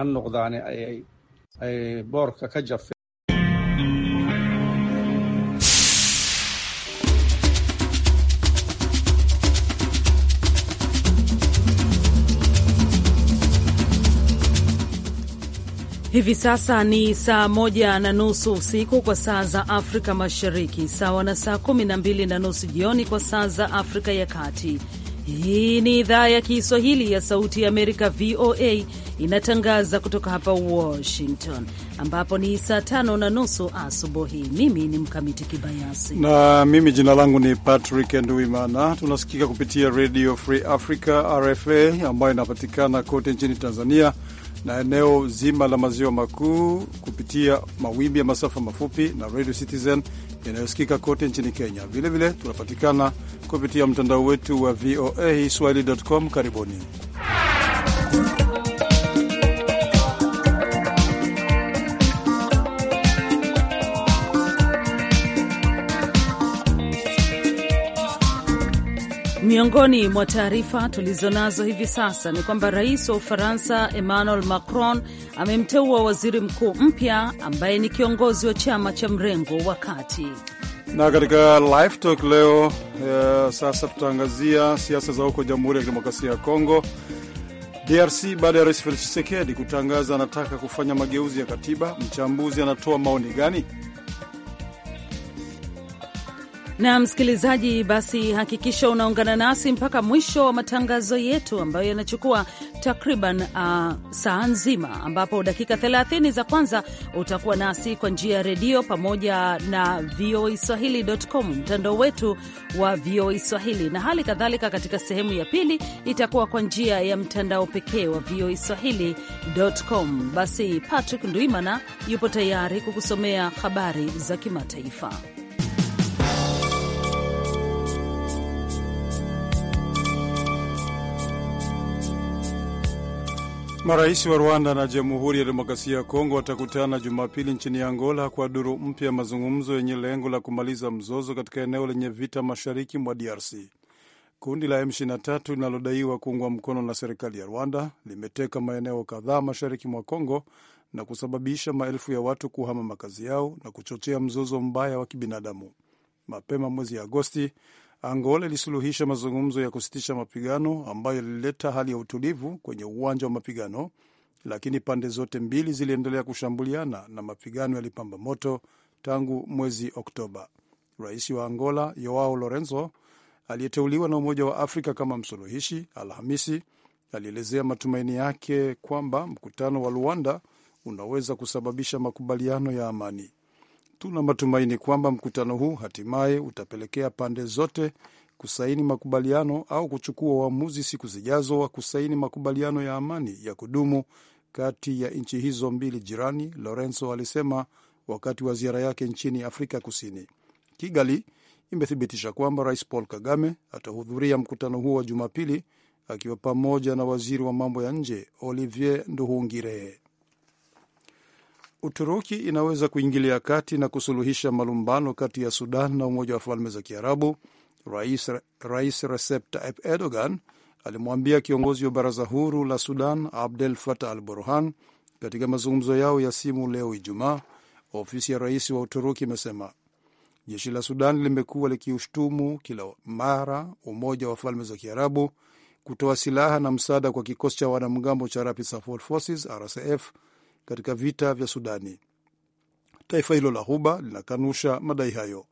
ha noqdaan ay boorka ka jafe Hivi sasa ni saa moja na nusu usiku kwa saa za Afrika Mashariki, sawa na saa kumi na mbili na nusu jioni kwa saa za Afrika ya Kati. Hii ni idhaa ya Kiswahili ya Sauti ya Amerika, VOA, inatangaza kutoka hapa Washington, ambapo ni saa tano na nusu asubuhi. Mimi ni Mkamiti Kibayasi na mimi jina langu ni Patrick Nduimana. Tunasikika kupitia Radio Free Africa, RFA, ambayo inapatikana kote nchini Tanzania na eneo zima la maziwa makuu kupitia mawimbi ya masafa mafupi na Radio Citizen yanayosikika kote nchini Kenya. Vilevile tunapatikana kupitia mtandao wetu wa VOA swahili.com. Karibuni. Miongoni mwa taarifa tulizonazo hivi sasa ni kwamba rais wa Ufaransa Emmanuel Macron amemteua waziri mkuu mpya ambaye ni kiongozi wa chama cha mrengo wa kati. Na katika live talk leo uh, sasa tutaangazia siasa za huko Jamhuri ya Kidemokrasia ya Kongo DRC baada ya rais Felix Tshisekedi kutangaza anataka kufanya mageuzi ya katiba. Mchambuzi anatoa maoni gani? na msikilizaji, basi hakikisha unaungana nasi mpaka mwisho wa matangazo yetu ambayo yanachukua takriban uh, saa nzima, ambapo dakika 30 za kwanza utakuwa nasi kwa njia ya redio pamoja na VOA Swahili.com, mtandao wetu wa VOA Swahili, na hali kadhalika katika sehemu ya pili itakuwa kwa njia ya mtandao pekee wa VOA Swahili.com. Basi Patrick Ndwimana yupo tayari kukusomea habari za kimataifa. Marais wa Rwanda na Jamhuri ya Demokrasia ya Kongo watakutana Jumapili nchini Angola kwa duru mpya ya mazungumzo yenye lengo la kumaliza mzozo katika eneo lenye vita mashariki mwa DRC. Kundi la M23 linalodaiwa kuungwa mkono na serikali ya Rwanda limeteka maeneo kadhaa mashariki mwa Kongo na kusababisha maelfu ya watu kuhama makazi yao na kuchochea mzozo mbaya wa kibinadamu. Mapema mwezi Agosti, Angola ilisuluhisha mazungumzo ya kusitisha mapigano ambayo yalileta hali ya utulivu kwenye uwanja wa mapigano, lakini pande zote mbili ziliendelea kushambuliana na mapigano yalipamba moto tangu mwezi Oktoba. Rais wa Angola Yoao Lorenzo aliyeteuliwa na Umoja wa Afrika kama msuluhishi, Alhamisi alielezea matumaini yake kwamba mkutano wa Luanda unaweza kusababisha makubaliano ya amani. Tuna matumaini kwamba mkutano huu hatimaye utapelekea pande zote kusaini makubaliano au kuchukua uamuzi siku zijazo wa kusaini makubaliano ya amani ya kudumu kati ya nchi hizo mbili jirani, Lorenzo alisema wakati wa ziara yake nchini Afrika Kusini. Kigali imethibitisha kwamba Rais Paul Kagame atahudhuria mkutano huo wa Jumapili akiwa pamoja na waziri wa mambo ya nje Olivier Nduhungirehe. Uturuki inaweza kuingilia kati na kusuluhisha malumbano kati ya Sudan na Umoja wa Falme za Kiarabu. Rais, Rais Recep Tayyip Erdogan alimwambia kiongozi wa baraza huru la Sudan Abdel Fattah al Burhan katika mazungumzo yao ya simu leo Ijumaa, ofisi ya rais wa Uturuki imesema jeshi la Sudan limekuwa likiushtumu kila mara Umoja wa Falme za Kiarabu kutoa silaha na msaada kwa kikosi cha wanamgambo cha Rapid Support Forces RSF katika vita vya Sudani. Taifa hilo la Ghuba linakanusha madai hayo.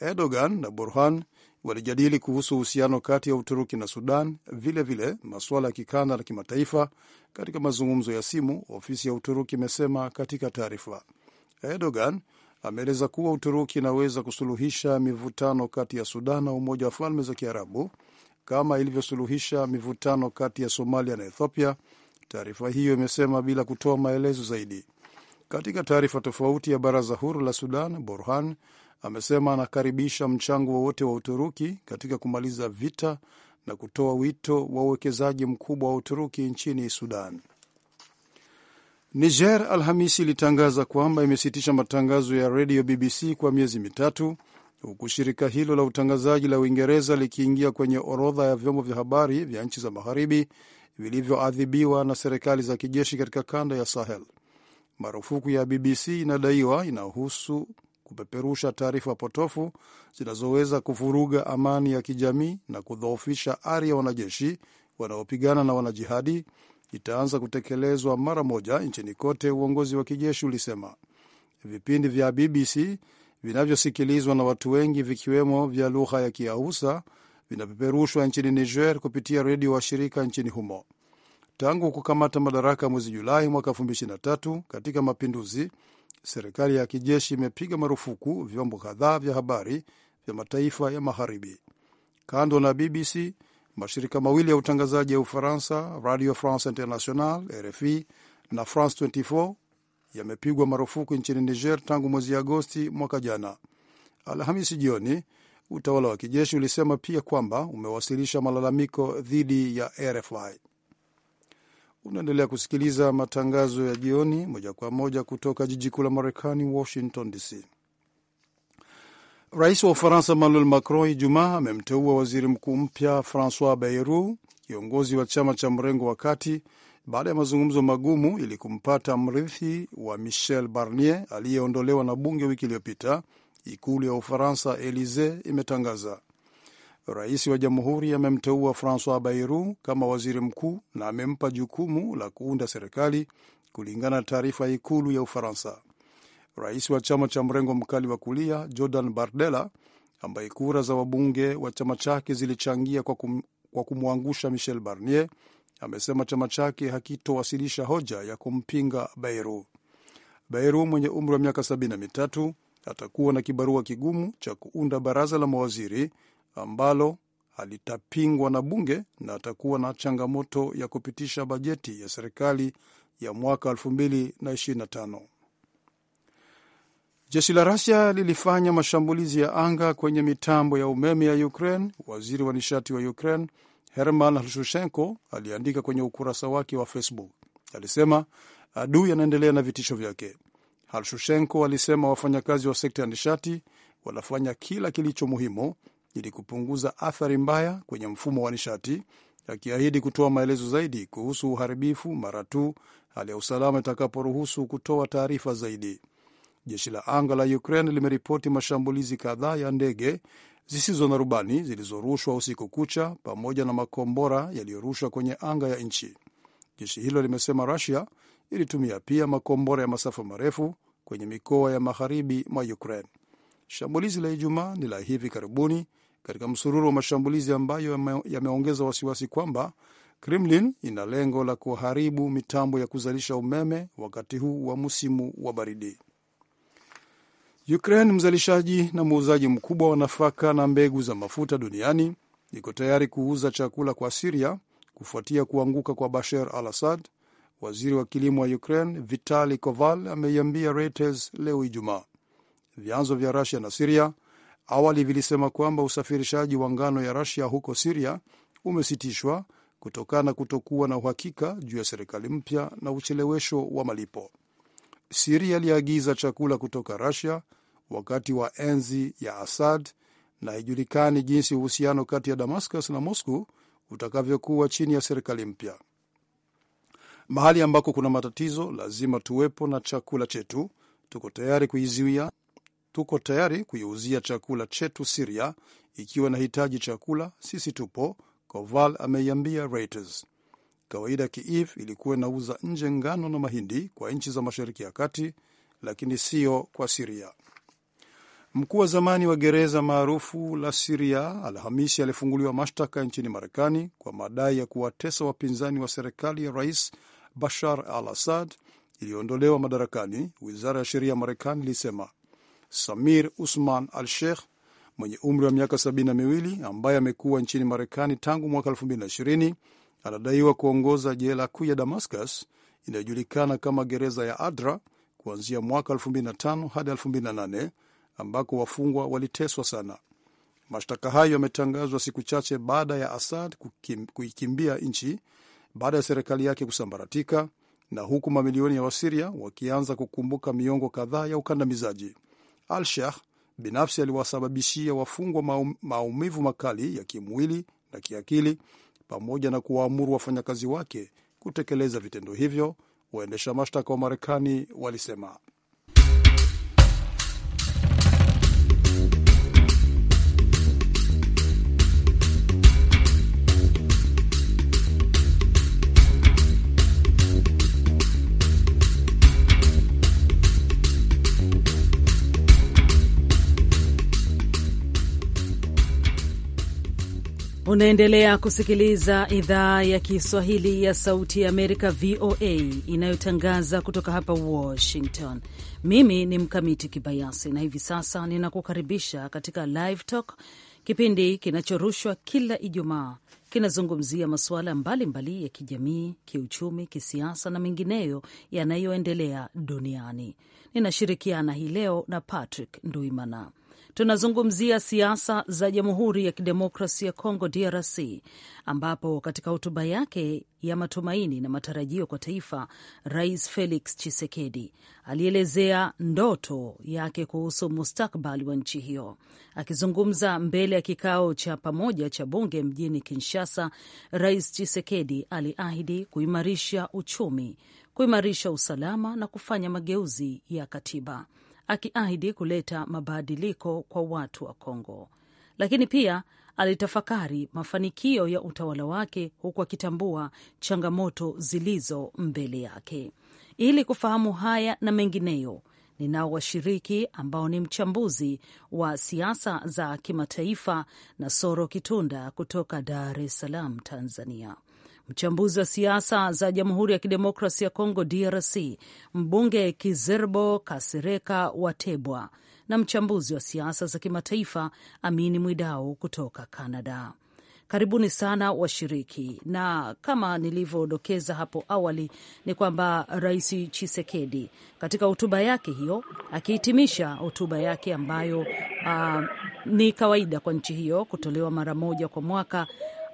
Erdogan na Burhan walijadili kuhusu uhusiano kati ya Uturuki na Sudan, vilevile masuala ya kikanda na kimataifa katika mazungumzo ya simu, ofisi ya Uturuki imesema katika taarifa. Erdogan ameeleza kuwa Uturuki inaweza kusuluhisha mivutano kati ya Sudan na Umoja wa Falme za Kiarabu kama ilivyosuluhisha mivutano kati ya Somalia na Ethiopia taarifa hiyo imesema bila kutoa maelezo zaidi. Katika taarifa tofauti ya baraza huru la Sudan, Borhan amesema anakaribisha mchango wowote wa Uturuki katika kumaliza vita na kutoa wito wa uwekezaji mkubwa wa Uturuki nchini Sudan. Niger Alhamisi ilitangaza kwamba imesitisha matangazo ya redio BBC kwa miezi mitatu huku shirika hilo la utangazaji la Uingereza likiingia kwenye orodha ya vyombo vya habari vya nchi za magharibi vilivyoadhibiwa na serikali za kijeshi katika kanda ya Sahel. Marufuku ya BBC inadaiwa inahusu kupeperusha taarifa potofu zinazoweza kuvuruga amani ya kijamii na kudhoofisha ari ya wanajeshi wanaopigana na wanajihadi. Itaanza kutekelezwa mara moja nchini kote, uongozi wa kijeshi ulisema. Vipindi vya BBC vinavyosikilizwa na watu wengi, vikiwemo vya lugha ya Kiausa vinapeperushwa nchini Niger kupitia redio shirika nchini humo. Tangu kukamata madaraka mwezi Julai mwaka 2023 katika mapinduzi, serikali ya kijeshi imepiga marufuku vyombo kadhaa vya habari vya mataifa ya magharibi. Kando na BBC, mashirika mawili ya utangazaji ya Ufaransa, Radio France International RFI na France 24 yamepigwa marufuku nchini Niger tangu mwezi Agosti mwaka jana. Alhamisi jioni Utawala wa kijeshi ulisema pia kwamba umewasilisha malalamiko dhidi ya RFI. Unaendelea kusikiliza matangazo ya jioni moja kwa moja kutoka jiji kuu la Marekani, Washington DC. Rais wa Ufaransa Emmanuel Macron Ijumaa amemteua waziri mkuu mpya Francois Bayrou, kiongozi wa chama cha mrengo wa kati, baada ya mazungumzo magumu ili kumpata mrithi wa Michel Barnier aliyeondolewa na bunge wiki iliyopita ikulu ya Ufaransa Elisee imetangaza. Rais wa jamhuri amemteua Francois Bayrou kama waziri mkuu na amempa jukumu la kuunda serikali, kulingana na taarifa ya ikulu ya Ufaransa. Rais wa chama cha mrengo mkali wa kulia Jordan Bardella, ambaye kura za wabunge wa chama chake zilichangia kwa, kum, kwa kumwangusha Michel Barnier, amesema chama chake hakitowasilisha hoja ya kumpinga Bayrou. Bayrou mwenye umri wa miaka mitatu atakuwa na kibarua kigumu cha kuunda baraza la mawaziri ambalo halitapingwa na bunge na atakuwa na changamoto ya kupitisha bajeti ya serikali ya mwaka 2025. Jeshi la rasia lilifanya mashambulizi ya anga kwenye mitambo ya umeme ya Ukraine. Waziri wa nishati wa Ukraine Herman hlshushenko aliandika kwenye ukurasa wake wa Facebook, alisema adui anaendelea na vitisho vyake. Halshushenko alisema wafanyakazi wa sekta ya nishati wanafanya kila kilicho muhimu ili kupunguza athari mbaya kwenye mfumo wa nishati, akiahidi kutoa maelezo zaidi kuhusu uharibifu mara tu hali ya usalama itakaporuhusu kutoa taarifa zaidi. Jeshi la anga la Ukraine limeripoti mashambulizi kadhaa ya ndege zisizo na rubani zilizorushwa usiku kucha pamoja na makombora yaliyorushwa kwenye anga ya nchi. Jeshi hilo limesema Russia ilitumia pia makombora ya masafa marefu kwenye mikoa ya magharibi mwa Ukraine. Shambulizi la Ijumaa ni la hivi karibuni katika msururu wa mashambulizi ambayo yameongeza wasiwasi kwamba Kremlin ina lengo la kuharibu mitambo ya kuzalisha umeme wakati huu wa msimu wa baridi. Ukraine, mzalishaji na muuzaji mkubwa wa nafaka na mbegu za mafuta duniani, iko tayari kuuza chakula kwa Siria kufuatia kuanguka kwa Bashar al Assad, Waziri wa kilimo wa Ukraine Vitali Koval ameiambia Reuters leo Ijumaa. Vyanzo vya Rusia na Siria awali vilisema kwamba usafirishaji wa ngano ya Rusia huko Siria umesitishwa kutokana na kutokuwa na uhakika juu ya serikali mpya na uchelewesho wa malipo. Siria iliagiza chakula kutoka Rusia wakati wa enzi ya Assad na haijulikani jinsi uhusiano kati ya Damascus na Moscow utakavyokuwa chini ya serikali mpya. Mahali ambako kuna matatizo, lazima tuwepo na chakula chetu. Tuko tayari kuiziwia, tuko tayari kuiuzia chakula chetu Siria ikiwa inahitaji chakula, sisi tupo, Koval ameiambia Reuters. Kawaida Kiev ilikuwa inauza nje ngano na mahindi kwa nchi za Mashariki ya Kati, lakini sio kwa Siria. Mkuu wa zamani wa gereza maarufu la Siria Alhamisi alifunguliwa mashtaka nchini Marekani kwa madai ya kuwatesa wapinzani wa serikali ya rais Bashar al Assad iliyoondolewa madarakani, wizara ya sheria ya Marekani ilisema. Samir Usman al Sheikh mwenye umri wa miaka sabini na miwili ambaye amekuwa nchini Marekani tangu mwaka ishirini anadaiwa kuongoza jela kuu ya Damascus inayojulikana kama gereza ya Adra kuanzia mwaka 2005 hadi 2008 ambako wafungwa waliteswa sana. Mashtaka hayo yametangazwa siku chache baada ya Assad kuikimbia nchi baada ya serikali yake kusambaratika na huku mamilioni ya Wasiria wakianza kukumbuka miongo kadhaa ya ukandamizaji. Al Shah binafsi aliwasababishia wafungwa maumivu makali ya kimwili na kiakili, pamoja na kuwaamuru wafanyakazi wake kutekeleza vitendo hivyo, waendesha mashtaka wa Marekani walisema. Unaendelea kusikiliza idhaa ya Kiswahili ya Sauti ya Amerika, VOA, inayotangaza kutoka hapa Washington. Mimi ni Mkamiti Kibayasi, na hivi sasa ninakukaribisha katika Live Talk, kipindi kinachorushwa kila Ijumaa kinazungumzia masuala mbalimbali ya kijamii, kiuchumi, kisiasa na mengineyo yanayoendelea duniani. Ninashirikiana hii leo na Patrick Nduimana. Tunazungumzia siasa za Jamhuri ya Kidemokrasia ya Kongo, DRC, ambapo katika hotuba yake ya matumaini na matarajio kwa taifa, Rais Felix Tshisekedi alielezea ndoto yake kuhusu mustakbali wa nchi hiyo. Akizungumza mbele ya kikao cha pamoja cha bunge mjini Kinshasa, Rais Tshisekedi aliahidi kuimarisha uchumi, kuimarisha usalama na kufanya mageuzi ya katiba akiahidi kuleta mabadiliko kwa watu wa Kongo, lakini pia alitafakari mafanikio ya utawala wake huku akitambua changamoto zilizo mbele yake. Ili kufahamu haya na mengineyo, ninao washiriki ambao ni mchambuzi wa siasa za kimataifa na Soro Kitunda kutoka Dar es Salaam, Tanzania. Mchambuzi wa siasa za Jamhuri ya Kidemokrasi ya Kongo DRC, mbunge Kizerbo Kasireka Watebwa na mchambuzi wa siasa za kimataifa Amini Mwidau kutoka Canada. Karibuni sana washiriki, na kama nilivyodokeza hapo awali ni kwamba Rais Chisekedi katika hotuba yake hiyo, akihitimisha hotuba yake ambayo uh, ni kawaida kwa nchi hiyo kutolewa mara moja kwa mwaka,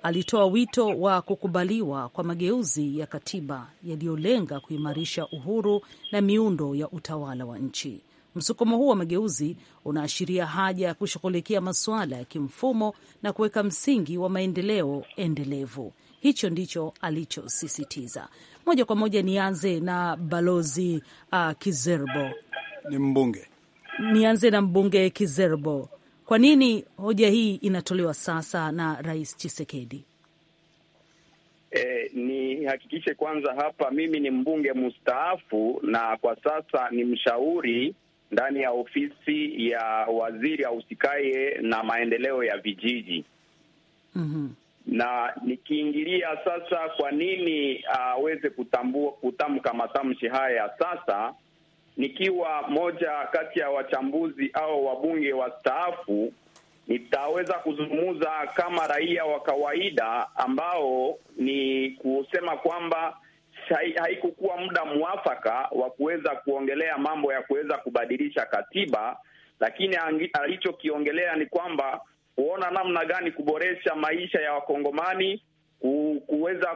alitoa wito wa kukubaliwa kwa mageuzi ya katiba yaliyolenga kuimarisha uhuru na miundo ya utawala wa nchi. Msukumo huu wa mageuzi unaashiria haja ya kushughulikia masuala ya kimfumo na kuweka msingi wa maendeleo endelevu. Hicho ndicho alichosisitiza. Moja kwa moja nianze na balozi uh, Kizerbo, ni mbunge. Nianze na mbunge Kizerbo. Kwa nini hoja hii inatolewa sasa na Rais Chisekedi? Eh, nihakikishe kwanza hapa mimi ni mbunge mstaafu na kwa sasa ni mshauri ndani ya ofisi ya waziri ahusikaye na maendeleo ya vijiji. Mm-hmm. Na nikiingilia sasa, kwa nini aweze uh, kutamka matamshi haya sasa nikiwa moja kati ya wachambuzi au wabunge wastaafu, nitaweza kuzungumza kama raia wa kawaida, ambao ni kusema kwamba haikukuwa muda mwafaka wa kuweza kuongelea mambo ya kuweza kubadilisha katiba, lakini alichokiongelea ni kwamba kuona namna gani kuboresha maisha ya Wakongomani, kuweza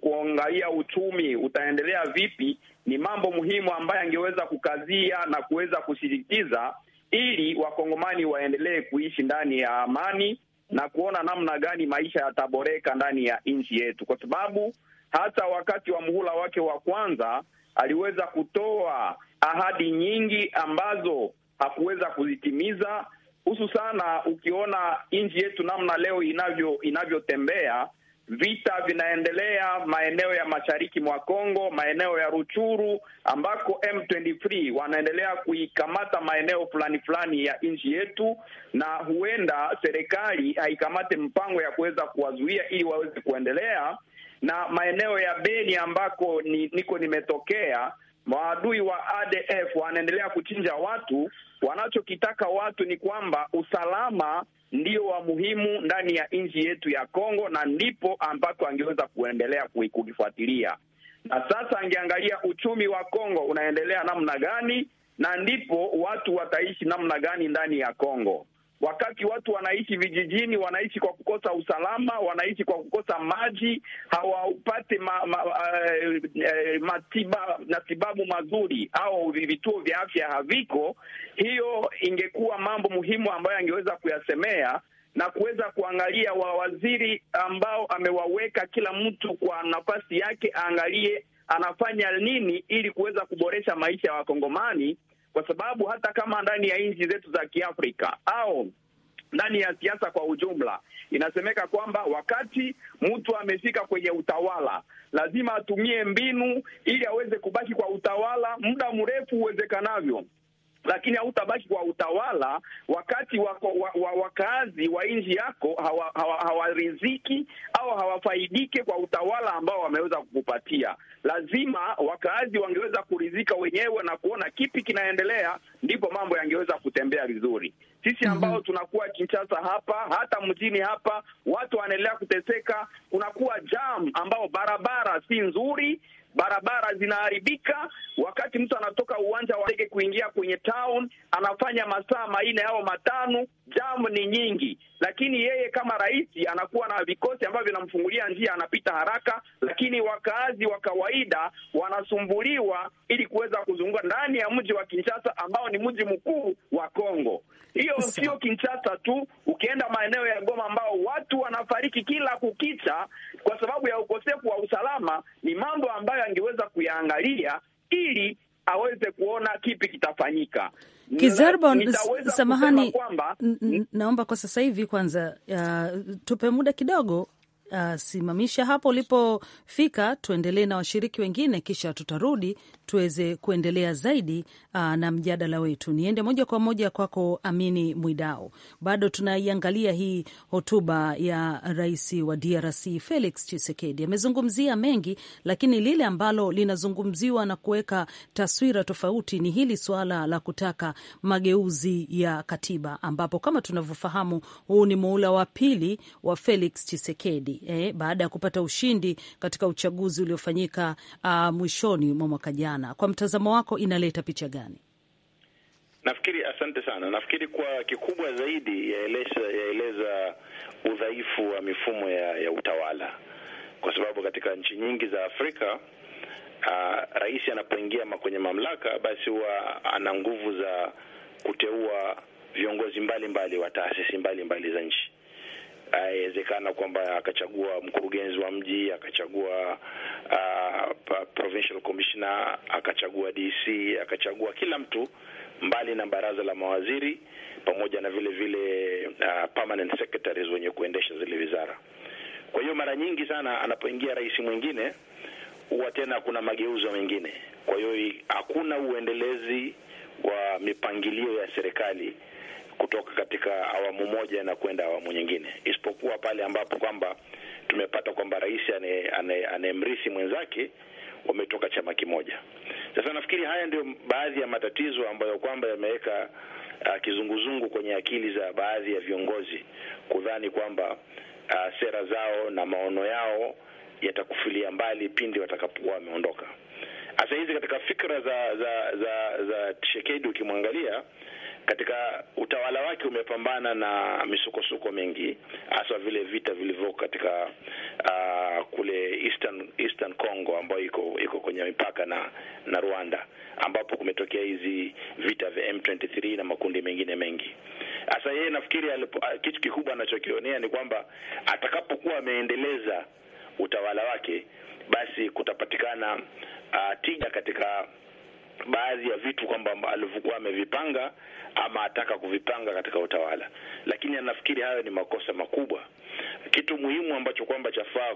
kuangalia uchumi utaendelea vipi ni mambo muhimu ambayo angeweza kukazia na kuweza kusisitiza ili wakongomani waendelee kuishi ndani ya amani na kuona namna gani maisha yataboreka ndani ya nchi yetu, kwa sababu hata wakati wa muhula wake wa kwanza aliweza kutoa ahadi nyingi ambazo hakuweza kuzitimiza, husu sana ukiona nchi yetu namna leo inavyo inavyotembea Vita vinaendelea maeneo ya mashariki mwa Kongo, maeneo ya Ruchuru ambako M23 wanaendelea kuikamata maeneo fulani fulani ya nchi yetu, na huenda serikali haikamate mpango ya kuweza kuwazuia ili waweze kuendelea. Na maeneo ya Beni ambako ni, niko nimetokea maadui wa ADF wanaendelea kuchinja watu. Wanachokitaka watu ni kwamba usalama ndio wa muhimu ndani ya nchi yetu ya Kongo, na ndipo ambako angeweza kuendelea kukifuatilia na sasa angeangalia uchumi wa Kongo unaendelea namna gani, na ndipo watu wataishi namna gani ndani ya Kongo wakati watu wanaishi vijijini, wanaishi kwa kukosa usalama, wanaishi kwa kukosa maji, hawaupate ma, ma, uh, matiba, matibabu mazuri au vituo vya afya haviko. Hiyo ingekuwa mambo muhimu ambayo angeweza kuyasemea na kuweza kuangalia wawaziri ambao amewaweka kila mtu kwa nafasi yake, aangalie anafanya nini ili kuweza kuboresha maisha ya Wakongomani kwa sababu hata kama ndani ya nchi zetu za Kiafrika au ndani ya siasa kwa ujumla, inasemeka kwamba wakati mtu amefika kwenye utawala lazima atumie mbinu ili aweze kubaki kwa utawala muda mrefu uwezekanavyo lakini hautabaki kwa utawala wakati wako, wa, wa, wakaazi wa nchi yako hawariziki hawa, hawa au hawafaidike kwa utawala ambao wameweza kukupatia. Lazima wakaazi wangeweza kuridhika wenyewe na kuona kipi kinaendelea, ndipo mambo yangeweza kutembea vizuri. Sisi mhm. ambao tunakuwa Kinshasa hapa, hata mjini hapa, watu wanaendelea kuteseka, kunakuwa jam ambao barabara si nzuri barabara zinaharibika. Wakati mtu anatoka uwanja wa ndege kuingia kwenye town, anafanya masaa manne au matano, jamu ni nyingi. Lakini yeye kama rais anakuwa na vikosi ambavyo vinamfungulia njia, anapita haraka, lakini wakaazi wa kawaida wanasumbuliwa ili kuweza kuzunguka ndani ya mji wa Kinshasa ambao ni mji mkuu wa Kongo. Hiyo sio Kinshasa tu, ukienda maeneo ya Goma ambao watu wanafariki kila kukicha kwa sababu ya ukosefu wa usalama, ni mambo ambayo angeweza kuyaangalia ili aweze kuona kipi kitafanyika. Kizerbo, samahani, kwamba naomba kwa sasa hivi kwanza, uh, tupe muda kidogo simamisha hapo ulipofika, tuendelee na washiriki wengine, kisha tutarudi tuweze kuendelea zaidi uh, na mjadala wetu. Niende moja kwa moja kwako Amini Mwidau, bado tunaiangalia hii hotuba ya rais wa DRC Felix Tshisekedi. Amezungumzia mengi, lakini lile ambalo linazungumziwa na kuweka taswira tofauti ni hili suala la kutaka mageuzi ya katiba, ambapo kama tunavyofahamu huu ni muhula wa pili wa Felix Tshisekedi eh, baada ya kupata ushindi katika uchaguzi uliofanyika uh, mwishoni mwa mwaka jana. Kwa mtazamo wako inaleta picha gani? Nafikiri, asante sana. Nafikiri kwa kikubwa zaidi yaeleza, yaeleza udhaifu wa mifumo ya, ya utawala, kwa sababu katika nchi nyingi za Afrika uh, rais anapoingia kwenye mamlaka, basi huwa ana nguvu za kuteua viongozi mbalimbali wa taasisi mbalimbali za nchi haiwezekana kwamba akachagua mkurugenzi wa mji, akachagua uh, provincial commissioner, akachagua DC, akachagua kila mtu mbali na baraza la mawaziri pamoja na vile vile uh, permanent secretaries wenye kuendesha zile wizara. Kwa hiyo mara nyingi sana anapoingia rais mwingine huwa tena kuna mageuzo mengine. Kwa hiyo hakuna uendelezi wa mipangilio ya serikali kutoka katika awamu moja na kwenda awamu nyingine, isipokuwa pale ambapo kwamba tumepata kwamba rais anayemrithi mwenzake wametoka chama kimoja. Sasa nafikiri haya ndio baadhi ya matatizo ambayo kwamba yameweka uh, kizunguzungu kwenye akili za baadhi ya viongozi kudhani kwamba uh, sera zao na maono yao yatakufilia mbali pindi watakapokuwa wameondoka. Sasa hizi katika fikra za za za, za Tshisekedi ukimwangalia katika utawala wake umepambana na misukosuko mingi, hasa vile vita vilivyoko katika uh, kule Eastern, Eastern Congo ambayo iko iko kwenye mipaka na na Rwanda, ambapo kumetokea hizi vita vya M23 na makundi mengine mengi. Sasa yeye nafikiri uh, kitu kikubwa anachokionea ni kwamba atakapokuwa ameendeleza utawala wake, basi kutapatikana uh, tija katika baadhi ya vitu kwamba alivyokuwa amevipanga ama ataka kuvipanga katika utawala, lakini anafikiri hayo ni makosa makubwa. Kitu muhimu ambacho kwamba chafaa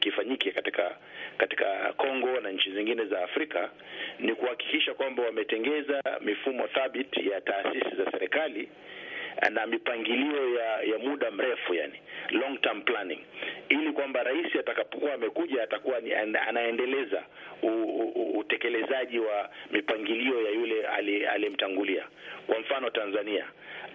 kifanyike katika katika Kongo na nchi zingine za Afrika ni kuhakikisha kwamba wametengeza mifumo thabiti ya taasisi za serikali na mipangilio ya, ya muda mrefu yani long term planning, ili kwamba rais atakapokuwa amekuja atakuwa ni, anaendeleza u, u, utekelezaji wa mipangilio ya yule aliyemtangulia. Kwa mfano Tanzania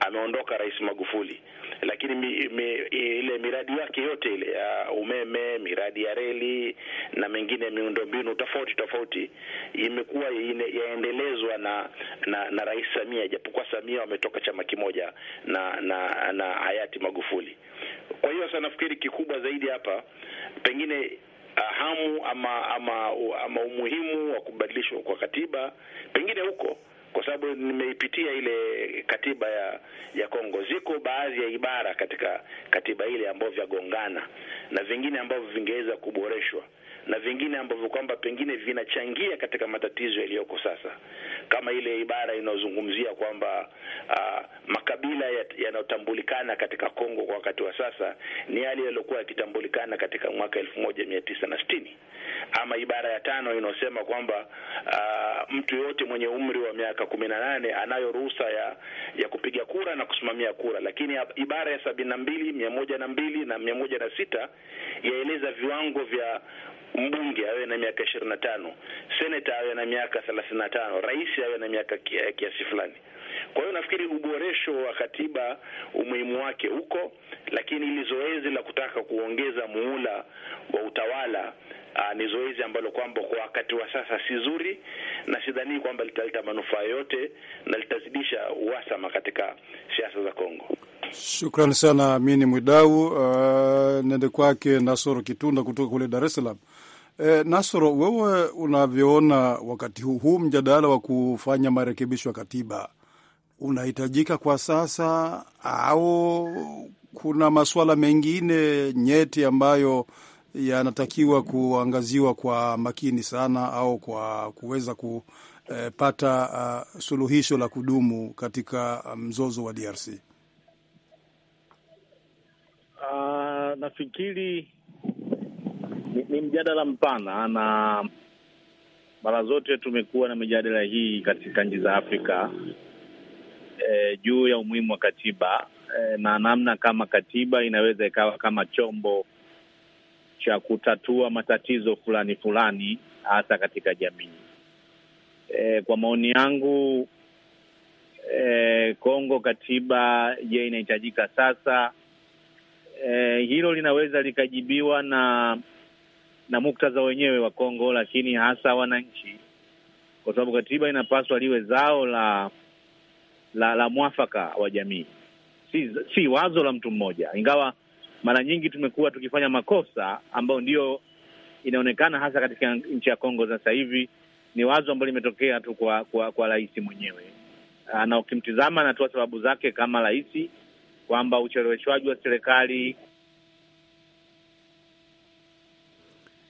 ameondoka Rais Magufuli, lakini mi, mi, ile miradi yake yote ile ya umeme, miradi ya reli na mengine miundombinu tofauti tofauti imekuwa yaendelezwa na, na na Rais Samia, japokuwa Samia wametoka chama kimoja na na na hayati Magufuli. Kwa hiyo sasa nafikiri kikubwa zaidi hapa pengine ah, hamu ama, ama, ama umuhimu wa kubadilishwa kwa katiba pengine huko kwa sababu nimeipitia ile katiba ya ya Kongo. Ziko baadhi ya ibara katika katiba ile ambayo vyagongana na vingine ambavyo vingeweza kuboreshwa na vingine ambavyo kwamba pengine vinachangia katika matatizo yaliyoko sasa, kama ile ibara inayozungumzia kwamba uh, makabila yanayotambulikana katika Kongo kwa wakati wa sasa ni yale yaliyokuwa yakitambulikana katika mwaka elfu moja mia tisa na sitini ama ibara ya tano inayosema kwamba uh, mtu yoyote mwenye umri wa miaka kumi na nane anayo ruhusa ya ya kupiga kura na kusimamia kura, lakini ibara ya sabini na mbili mia moja na mbili na mia moja na sita yaeleza viwango vya mbunge awe na miaka ishirini na tano, seneta awe na miaka thelathini na tano, rais awe na miaka eh, kiasi fulani. Kwa hiyo nafikiri uboresho wa katiba umuhimu wake huko, lakini ili zoezi la kutaka kuongeza muhula wa utawala ah, ni zoezi ambalo kwamba kwa wakati wa sasa si zuri na sidhani kwamba litaleta manufaa yote na litazidisha uhasama katika siasa za Kongo. Shukrani sana. Mimi ni mwidau uh, nende kwake Nasoro Kitunda kutoka kule Dar es Salaam. E, Nasoro, wewe unavyoona wakati huu huu mjadala wa kufanya marekebisho ya katiba unahitajika kwa sasa au kuna masuala mengine nyeti ambayo yanatakiwa kuangaziwa kwa makini sana au kwa kuweza kupata uh, suluhisho la kudumu katika eh, mzozo wa DRC? Uh, ah, nafikiri ni, ni mjadala mpana na mara zote tumekuwa na mijadala hii katika nchi za Afrika e, juu ya umuhimu wa katiba e, na namna kama katiba inaweza ikawa kama chombo cha kutatua matatizo fulani fulani hasa katika jamii. E, kwa maoni yangu e, Kongo katiba je, inahitajika sasa? E, hilo linaweza likajibiwa na na muktadha wenyewe wa Kongo, lakini hasa wananchi, kwa sababu katiba inapaswa liwe zao la la, la mwafaka wa jamii, si, si wazo la mtu mmoja, ingawa mara nyingi tumekuwa tukifanya makosa ambayo ndiyo inaonekana hasa katika nchi ya Kongo sasa hivi. Ni wazo ambalo limetokea tu kwa kwa, kwa rais mwenyewe, na ukimtizama anatoa sababu zake kama rais kwamba ucheleweshwaji wa serikali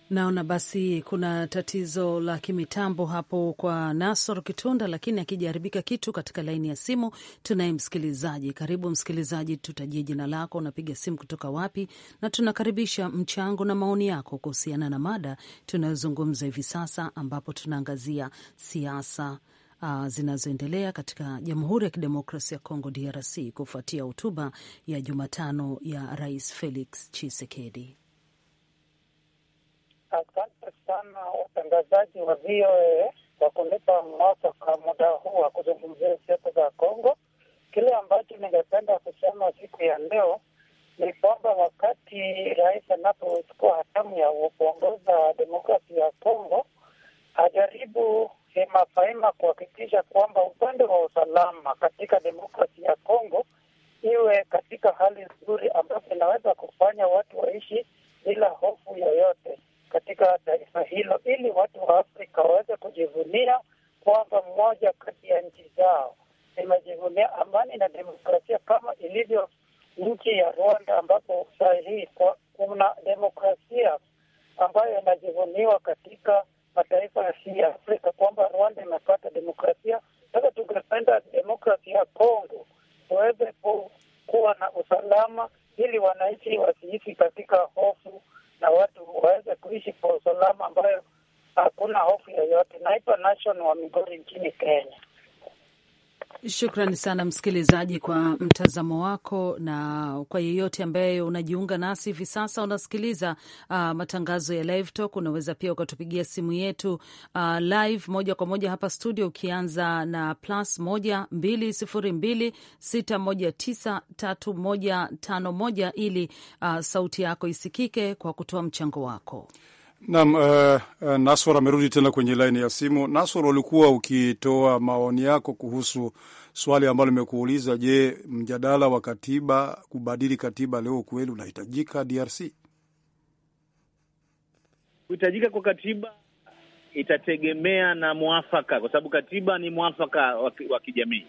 Naona basi kuna tatizo la kimitambo hapo kwa Nasor Kitunda, lakini akijaribika kitu katika laini ya simu. Tunaye msikilizaji. Karibu msikilizaji, tutajie jina lako, unapiga simu kutoka wapi, na tunakaribisha mchango na maoni yako kuhusiana na mada tunayozungumza hivi sasa, ambapo tunaangazia siasa Uh, zinazoendelea katika Jamhuri ya Kidemokrasia ya Kongo DRC kufuatia hotuba ya Jumatano ya Rais Felix Tshisekedi. Asante sana utangazaji wa VOA kwa kunipa mwafaka muda huu wa kuzungumzia siasa za Kongo. Kile ambacho ningependa kusema siku ya leo ni kwamba wakati rais anapochukua hatamu ya kuongoza demokrasi ya Kongo ajaribu hema faima kuhakikisha kwamba upande wa usalama katika demokrasi ya Kongo iwe katika hali nzuri ambapo inaweza kufanya watu waishi bila hofu yoyote katika taifa hilo, ili watu wa Afrika waweze kujivunia kwamba mmoja kati ya nchi zao imejivunia amani na demokrasia kama ilivyo nchi ya Rwanda, ambapo saa hii kuna demokrasia ambayo inajivuniwa katika mataifa ya si Afrika kwamba Rwanda imepata demokrasia. Sasa tungependa demokrasi ya Kongo tuweze kuwa na usalama, ili wananchi wasiishi katika hofu na watu waweze kuishi kwa usalama ambayo hakuna hofu yoyote. Naitwa Nation wa Migori nchini Kenya. Shukrani sana msikilizaji kwa mtazamo wako, na kwa yeyote ambaye unajiunga nasi hivi sasa unasikiliza uh, matangazo ya Live Talk. Unaweza pia ukatupigia simu yetu uh, live moja kwa moja hapa studio, ukianza na plus moja mbili sifuri mbili sita moja tisa tatu moja tano moja ili uh, sauti yako isikike kwa kutoa mchango wako. Naam, uh, uh, Nasor amerudi tena kwenye laini ya simu. Nasor, ulikuwa ukitoa maoni yako kuhusu swali ambalo limekuuliza Je, mjadala wa katiba kubadili katiba leo kweli unahitajika DRC? Kuhitajika kwa katiba itategemea na mwafaka, kwa sababu katiba ni mwafaka wa kijamii.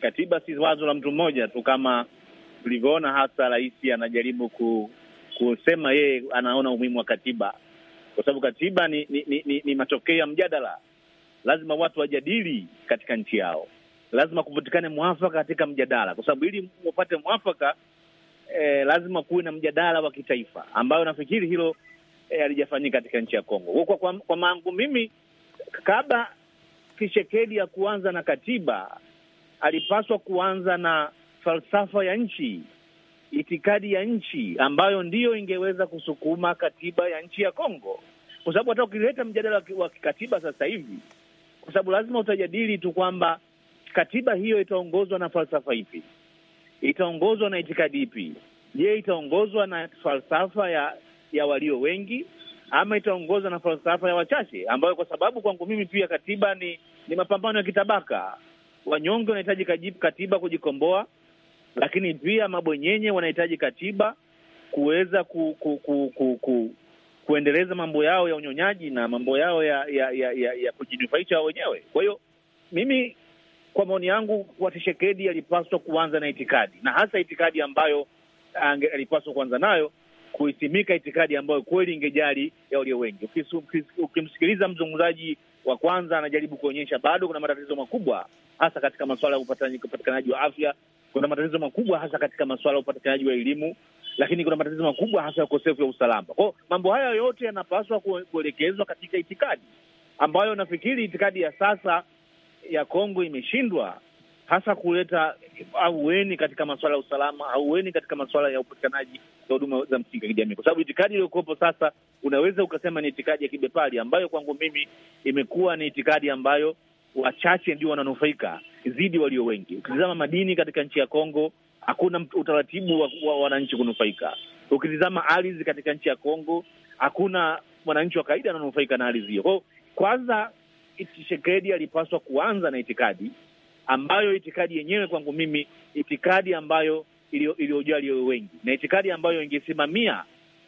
Katiba si wazo la mtu mmoja tu, kama tulivyoona hasa rais anajaribu ku kusema yeye anaona umuhimu wa katiba, kwa sababu katiba ni ni, ni, ni matokeo ya mjadala. Lazima watu wajadili katika nchi yao, lazima kupatikane mwafaka katika mjadala, kwa sababu ili upate mwafaka eh, lazima kuwe na mjadala wa kitaifa, ambayo nafikiri hilo eh, alijafanyika katika nchi ya Kongo. Kwa, kwa, kwa maangu mimi, kabla Kishekedi ya kuanza na katiba, alipaswa kuanza na falsafa ya nchi, itikadi ya nchi ambayo ndiyo ingeweza kusukuma katiba ya nchi ya Kongo, kwa sababu hata ukileta mjadala wa kikatiba sasa hivi, kwa sababu lazima utajadili tu kwamba katiba hiyo itaongozwa na falsafa ipi, itaongozwa na itikadi ipi? Je, itaongozwa na falsafa ya ya walio wengi ama itaongozwa na falsafa ya wachache, ambayo kwa sababu kwangu mimi pia katiba ni ni mapambano ya kitabaka. Wanyonge wanahitaji katiba kujikomboa, lakini pia mabwenyenye wanahitaji katiba kuweza ku, ku, ku, ku, ku, kuendeleza mambo yao ya unyonyaji na mambo yao ya ya, ya, ya, ya kujinufaisha wao wenyewe. Kwa hiyo mimi kwa maoni yangu Watishekedi alipaswa kuanza na itikadi na hasa itikadi ambayo alipaswa kuanza nayo kuisimika itikadi ambayo kweli ingejali ya walio wengi. Ukimsikiliza mzungumzaji wa kwanza, anajaribu kuonyesha bado kuna matatizo makubwa, hasa katika masuala ya upatikanaji wa afya kuna matatizo makubwa hasa katika masuala ya upatikanaji wa elimu, lakini kuna matatizo makubwa hasa ya ukosefu wa usalama. Kwao mambo haya yote yanapaswa kuelekezwa katika itikadi ambayo nafikiri itikadi ya sasa ya Kongo imeshindwa hasa kuleta aueni katika masuala ya usalama, aueni katika masuala ya upatikanaji ya huduma za msingi ya kijamii, kwa sababu itikadi iliyokuwepo sasa unaweza ukasema ni itikadi ya kibepari, ambayo kwangu mimi imekuwa ni itikadi ambayo wachache ndio wananufaika zidi walio wengi. Ukitizama madini katika nchi ya Kongo hakuna utaratibu wa, wa wananchi kunufaika. Ukitizama ardhi katika nchi ya Kongo hakuna mwananchi wa kawaida ananufaika na ardhi hiyo. Kwao kwanza, Tshisekedi alipaswa kuanza na itikadi ambayo itikadi yenyewe kwangu mimi itikadi ambayo iliyojali wengi na itikadi ambayo ingesimamia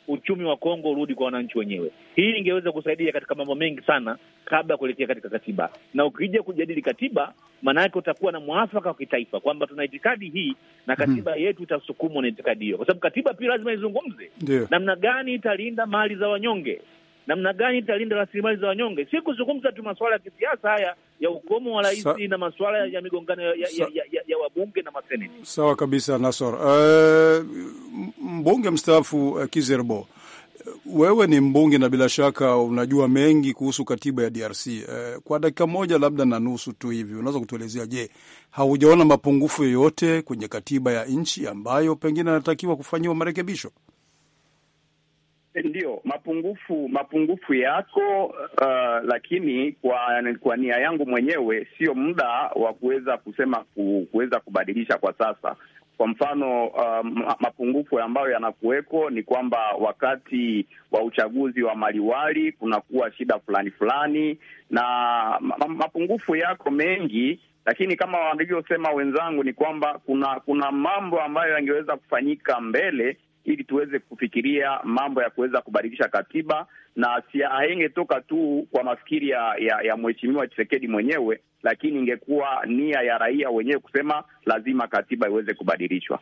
uchumi wa Kongo urudi kwa wananchi wenyewe. Hii ingeweza kusaidia katika mambo mengi sana kabla ya kuelekea katika katiba, na ukija kujadili katiba, maana yake utakuwa na mwafaka wa kitaifa kwamba tuna itikadi hii na mhm. katiba hmm, yetu itasukumwa na itikadi hiyo, kwa sababu katiba pia lazima izungumze namna gani italinda mali za wanyonge namna gani italinda rasilimali za wanyonge. Si kuzungumza tu masuala ya kisiasa haya ya ukomo wa rais na masuala ya migongano ya, ya, ya, ya, ya wabunge na maseneti. Sawa kabisa Nasor. Uh, mbunge mstaafu eh, Kizerbo, wewe ni mbunge na bila shaka unajua mengi kuhusu katiba ya DRC. Eh, kwa dakika moja labda na nusu tu hivi unaweza kutuelezea, je, haujaona mapungufu yoyote kwenye katiba ya nchi ambayo pengine anatakiwa kufanyiwa marekebisho? Ndiyo, mapungufu mapungufu yako, uh, lakini kwa kwa nia yangu mwenyewe sio muda wa kuweza kusema kuweza kubadilisha kwa sasa. Kwa mfano uh, mapungufu ambayo yanakuweko ni kwamba wakati wa uchaguzi wa maliwali kunakuwa shida fulani fulani, na mapungufu yako mengi, lakini kama walivyosema wenzangu ni kwamba kuna kuna mambo ambayo yangeweza kufanyika mbele ili tuweze kufikiria mambo ya kuweza kubadilisha katiba, na si haingetoka tu kwa mafikiri ya, ya, ya mheshimiwa Chisekedi mwenyewe, lakini ingekuwa nia ya raia wenyewe kusema lazima katiba iweze kubadilishwa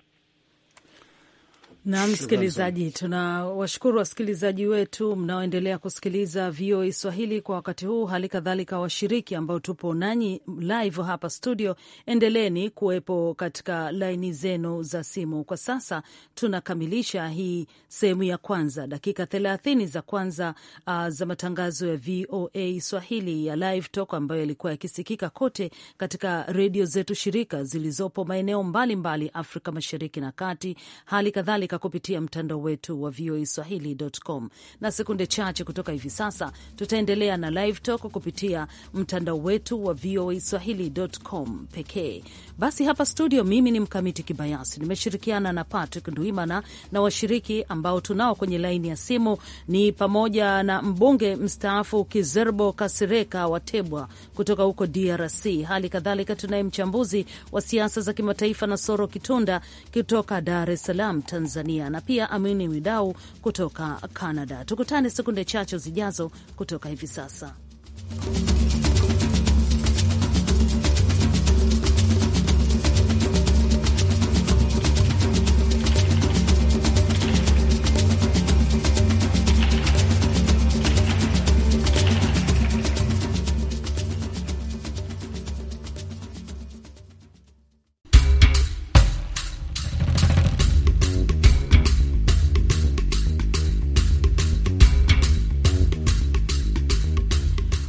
na msikilizaji, tunawashukuru wasikilizaji wetu mnaoendelea kusikiliza VOA Swahili kwa wakati huu, hali kadhalika washiriki ambao tupo nanyi live hapa studio, endeleni kuwepo katika laini zenu za simu. Kwa sasa tunakamilisha hii sehemu ya kwanza, dakika thelathini za kwanza uh, za matangazo ya VOA Swahili ya Live Talk ambayo yalikuwa yakisikika kote katika redio zetu shirika zilizopo maeneo mbalimbali Afrika Mashariki na Kati, hali kadhalika kupitia mtandao wetu wa VOA Swahili.com. Na sekunde chache kutoka hivi sasa tutaendelea na live talk kupitia mtandao wetu wa VOA Swahili.com pekee. Basi hapa studio, mimi ni Mkamiti Kibayasi, nimeshirikiana na Patrick Nduimana na washiriki ambao tunao kwenye laini ya simu ni pamoja na mbunge mstaafu Kizerbo Kasireka wa tebwa kutoka huko DRC. Hali kadhalika tunaye mchambuzi wa siasa za kimataifa na soro Kitunda kutoka Dar es Salaam, Tanzania. Tanzania na pia Amini Midau kutoka Canada. Tukutane sekunde chache zijazo kutoka hivi sasa.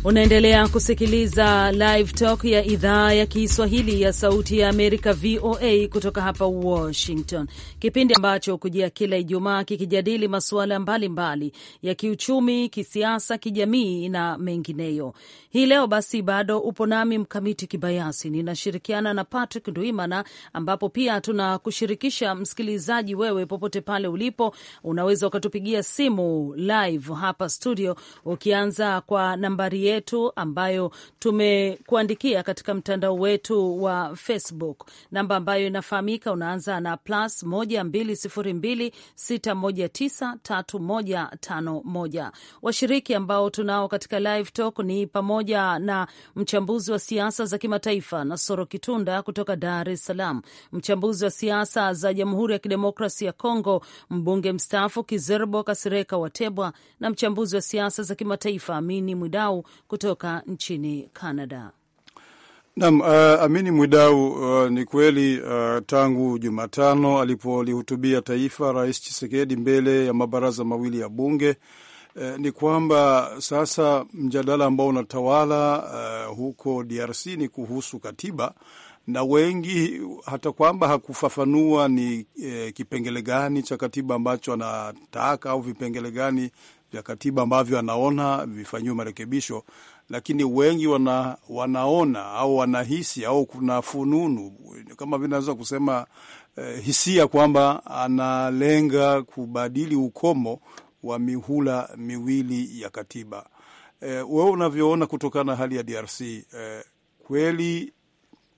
Unaendelea kusikiliza Live Talk ya idhaa ya Kiswahili ya Sauti ya Amerika, VOA, kutoka hapa Washington, kipindi ambacho kujia kila Ijumaa kikijadili masuala mbalimbali ya kiuchumi, kisiasa, kijamii na mengineyo. Hii leo basi bado upo nami Mkamiti Kibayasi, ninashirikiana na Patrick Ndwimana, ambapo pia tunakushirikisha msikilizaji, wewe popote pale ulipo, unaweza ukatupigia simu live hapa studio, ukianza kwa nambari yetu yetu ambayo tumekuandikia katika mtandao wetu wa Facebook, namba ambayo inafahamika, unaanza na plus 12026193151. Washiriki ambao tunao katika live talk ni pamoja na mchambuzi wa siasa za kimataifa Nasoro Kitunda kutoka Dar es Salaam, mchambuzi wa siasa za Jamhuri ya Kidemokrasi ya Kongo, mbunge mstaafu Kizerbo Kasireka Watebwa na mchambuzi wa siasa za kimataifa Amini Mwidau kutoka nchini Canada. Nam uh, Amini Mwidau, uh, ni kweli uh, tangu Jumatano alipolihutubia taifa Rais Chisekedi mbele ya mabaraza mawili ya bunge uh, ni kwamba sasa mjadala ambao unatawala uh, huko DRC ni kuhusu katiba na wengi hata kwamba hakufafanua ni e, kipengele gani cha katiba ambacho anataka au vipengele gani vya katiba ambavyo anaona vifanyiwe marekebisho, lakini wengi wana, wanaona au wanahisi au kuna fununu kama vile naweza kusema eh, hisia kwamba analenga kubadili ukomo wa mihula miwili ya katiba. Eh, wewe unavyoona kutokana na hali ya DRC eh, kweli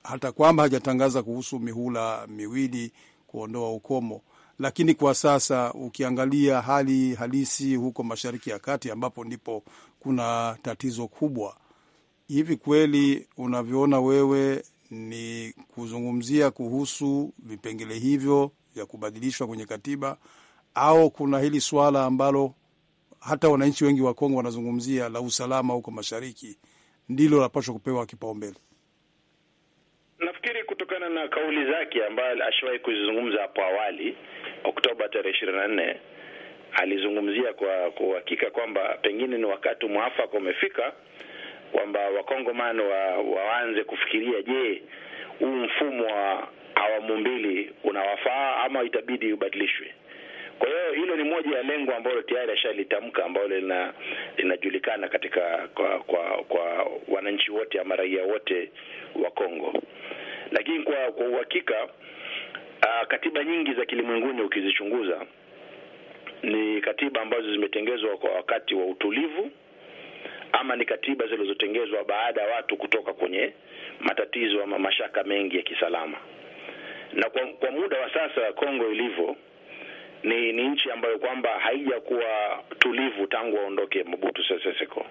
hata kwamba hajatangaza kuhusu mihula miwili kuondoa ukomo lakini kwa sasa ukiangalia hali halisi huko Mashariki ya Kati ambapo ndipo kuna tatizo kubwa, hivi kweli unavyoona wewe ni kuzungumzia kuhusu vipengele hivyo vya kubadilishwa kwenye katiba au kuna hili swala ambalo hata wananchi wengi wa Kongo wanazungumzia la usalama huko mashariki ndilo lapashwa kupewa kipaumbele? Nafikiri kutokana na kauli zake ambayo ashawahi kuzizungumza hapo awali Oktoba tarehe ishirini na nne alizungumzia kwa uhakika kwamba pengine ni wakati mwafaka umefika kwamba wakongomani wa, waanze kufikiria, je, huu mfumo wa awamu mbili unawafaa ama itabidi ubadilishwe? Kwa hiyo hilo ni moja ya lengo ambalo tayari ashalitamka ambalo lina linajulikana katika kwa, kwa, kwa wananchi wote ama raia wote wa Kongo, lakini kwa kwa uhakika Uh, katiba nyingi za kilimwenguni ukizichunguza ni katiba ambazo zimetengezwa kwa wakati wa utulivu ama ni katiba zilizotengezwa baada ya watu kutoka kwenye matatizo ama mashaka mengi ya kisalama. Na kwa, kwa muda wa sasa Kongo ilivyo ni, ni nchi ambayo kwamba haijakuwa tulivu tangu aondoke Mobutu Sese Seko.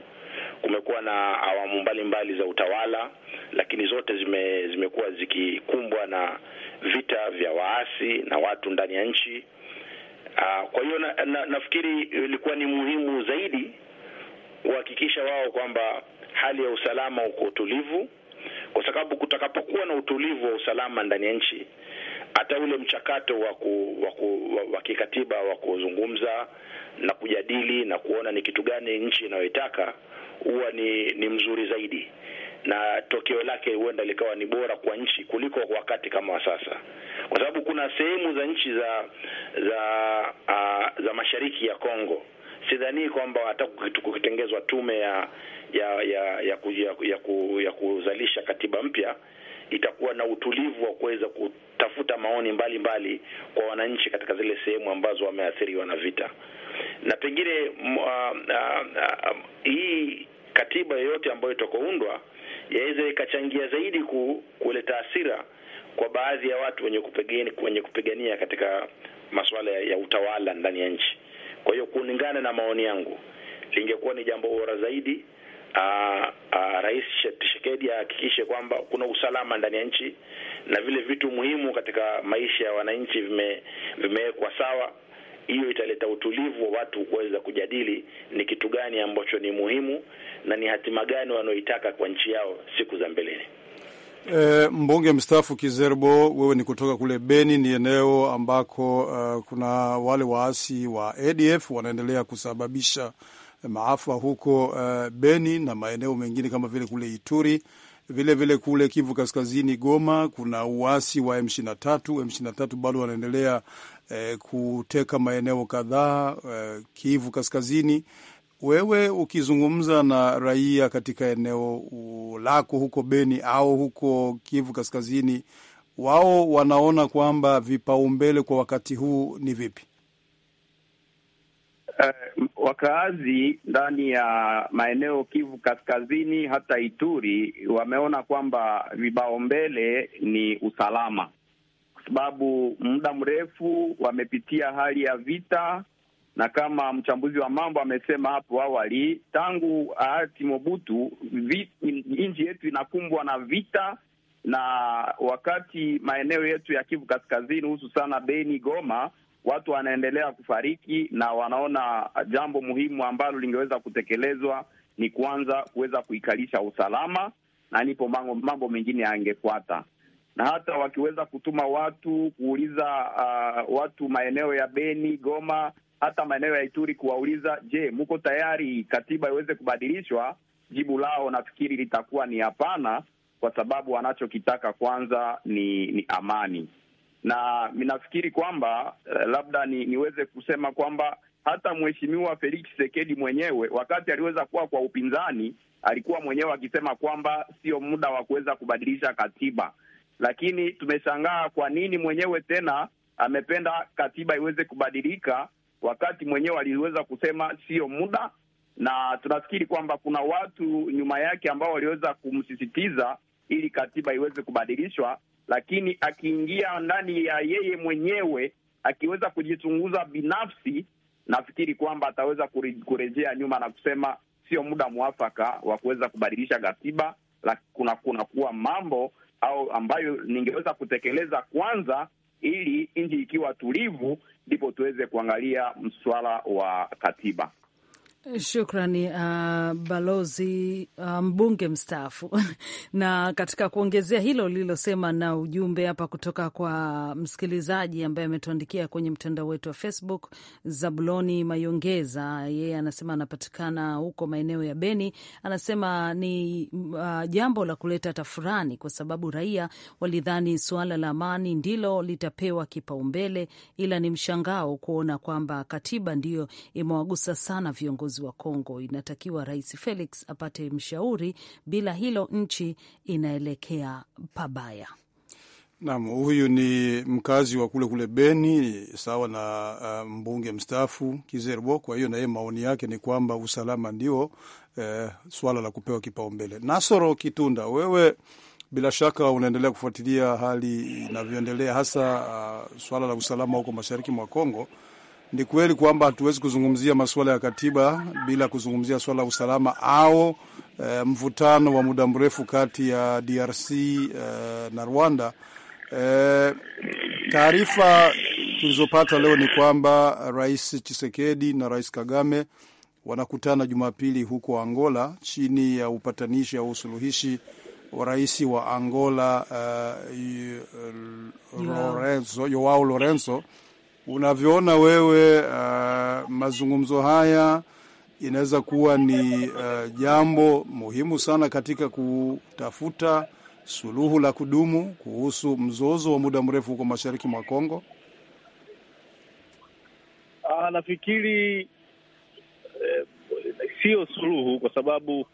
Kumekuwa na awamu mbalimbali za utawala, lakini zote zime, zimekuwa zikikumbwa na vita vya waasi na watu ndani ya nchi. Ah, kwa hiyo na, na, nafikiri ilikuwa ni muhimu zaidi kuhakikisha wao kwamba hali ya usalama uko tulivu, kwa sababu kutakapokuwa na utulivu wa usalama ndani ya nchi hata ule mchakato wa ku, wa, ku, wa, wa kikatiba wa kuzungumza na kujadili na kuona ni kitu gani nchi inayoitaka huwa ni, ni mzuri zaidi na tokeo lake huenda likawa ni bora kwa nchi kuliko wakati kama wa sasa, kwa sababu kuna sehemu za nchi za za uh, za mashariki ya Kongo sidhanii kwamba hata kukitengezwa tume ya ya ya ya, ku, ya, ya, ku, ya kuzalisha katiba mpya itakuwa na utulivu wa kuweza kutafuta maoni mbalimbali mbali kwa wananchi katika zile sehemu ambazo wameathiriwa na vita, na pengine uh, uh, uh, hii katiba yoyote ambayo itakoundwa yaweza ikachangia zaidi ku, kuleta hasira kwa baadhi ya watu wenye kupigania, wenye kupigania katika masuala ya utawala ndani ya nchi. Kwa hiyo kulingana na maoni yangu, lingekuwa ni jambo bora zaidi Ah, ah, Rais Tshisekedi ahakikishe kwamba kuna usalama ndani ya nchi na vile vitu muhimu katika maisha ya wananchi vime vimewekwa sawa. Hiyo italeta utulivu wa watu kuweza kujadili ni kitu gani ambacho ni muhimu na ni hatima gani wanaoitaka kwa nchi yao siku za mbeleni. E, mbunge mstaafu Kizerbo, wewe ni kutoka kule Beni, ni eneo ambako uh, kuna wale waasi wa ADF wanaendelea kusababisha maafa huko uh, Beni na maeneo mengine kama vile kule Ituri, vilevile vile kule Kivu Kaskazini, Goma, kuna uasi wa M23. M23 bado wanaendelea eh, kuteka maeneo kadhaa eh, Kivu Kaskazini. Wewe ukizungumza na raia katika eneo lako huko Beni au huko Kivu Kaskazini, wao wanaona kwamba vipaumbele kwa wakati huu ni vipi? Uh, wakaazi ndani ya maeneo Kivu Kaskazini hata Ituri wameona kwamba vibao mbele ni usalama, kwa sababu muda mrefu wamepitia hali ya vita, na kama mchambuzi wa mambo amesema hapo awali, tangu hayati Mobutu nchi yetu inakumbwa na vita, na wakati maeneo yetu ya Kivu Kaskazini hususana Beni, Goma watu wanaendelea kufariki, na wanaona jambo muhimu ambalo lingeweza kutekelezwa ni kuanza kuweza kuikalisha usalama, na nipo mambo, mambo mengine yangefuata na hata wakiweza kutuma watu kuuliza uh, watu maeneo ya Beni, Goma, hata maeneo ya Ituri kuwauliza, je, muko tayari katiba iweze kubadilishwa? Jibu lao nafikiri litakuwa ni hapana, kwa sababu wanachokitaka kwanza ni, ni amani na minafikiri kwamba eh, labda ni, niweze kusema kwamba hata mheshimiwa Felix Tshisekedi mwenyewe wakati aliweza kuwa kwa upinzani alikuwa mwenyewe akisema kwamba sio muda wa kuweza kubadilisha katiba, lakini tumeshangaa kwa nini mwenyewe tena amependa katiba iweze kubadilika wakati mwenyewe aliweza kusema sio muda, na tunafikiri kwamba kuna watu nyuma yake ambao waliweza kumsisitiza ili katiba iweze kubadilishwa lakini akiingia ndani ya yeye mwenyewe, akiweza kujichunguza binafsi, nafikiri kwamba ataweza kurejea nyuma na kusema sio muda mwafaka wa kuweza kubadilisha katiba, kuna kuwa mambo au ambayo ningeweza kutekeleza kwanza ili nchi ikiwa tulivu ndipo tuweze kuangalia mswala wa katiba. Shukrani uh, balozi uh, mbunge mstaafu na katika kuongezea hilo lililosema, na ujumbe hapa kutoka kwa msikilizaji ambaye ametuandikia kwenye mtandao wetu wa Facebook, Zabuloni Mayongeza, yeye anasema anapatikana huko maeneo ya Beni. Anasema ni uh, jambo la kuleta tafurani kwa sababu raia walidhani suala la amani ndilo litapewa kipaumbele, ila ni mshangao kuona kwamba katiba ndiyo imewagusa sana viongozi viongozi wa Kongo. Inatakiwa Rais Felix apate mshauri, bila hilo nchi inaelekea pabaya. Naam, huyu ni mkazi wa kule kule Beni, sawa na uh, mbunge mstaafu Kizerbo. Kwa hiyo naye maoni yake ni kwamba usalama ndio uh, swala la kupewa kipaumbele. Nasoro Kitunda, wewe bila shaka unaendelea kufuatilia hali inavyoendelea, hasa uh, swala la usalama huko mashariki mwa Kongo. Ni kweli kwamba hatuwezi kuzungumzia masuala ya katiba bila kuzungumzia swala la usalama au e, mvutano wa muda mrefu kati ya DRC e, eh, na Rwanda. E, taarifa tulizopata leo ni kwamba Rais Tshisekedi na Rais Kagame wanakutana Jumapili huko Angola chini ya upatanishi au usuluhishi wa rais wa Angola uh, Lorenzo, Joao Lorenzo unavyoona wewe uh, mazungumzo haya inaweza kuwa ni uh, jambo muhimu sana katika kutafuta suluhu la kudumu kuhusu mzozo wa muda mrefu huko mashariki mwa Kongo? Ah, nafikiri eh, sio suluhu kwa sababu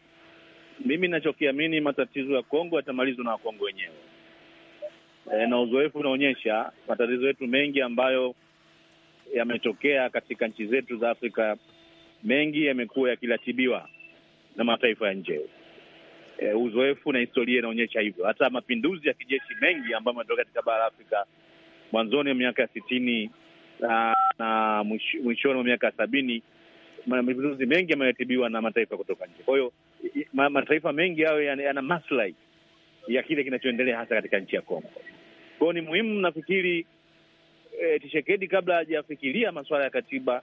mimi nachokiamini matatizo ya Kongo yatamalizwa na Wakongo wenyewe. eh, na uzoefu unaonyesha matatizo yetu mengi ambayo yametokea katika nchi zetu za Afrika mengi yamekuwa yakiratibiwa na mataifa ya nje. E, uzoefu na historia inaonyesha hivyo. Hata mapinduzi ya kijeshi mengi ambayo yametokea katika bara la Afrika mwanzoni wa miaka ya sitini na, na mwishoni mwa miaka ya sabini mapinduzi mengi yameratibiwa na mataifa kutoka nje. Kwa hiyo ma, mataifa mengi hayo yana, yana maslahi ya kile kinachoendelea hasa katika nchi ya Kongo. Kwa hiyo ni muhimu nafikiri e, eh, Tishekedi kabla hajafikiria masuala ya katiba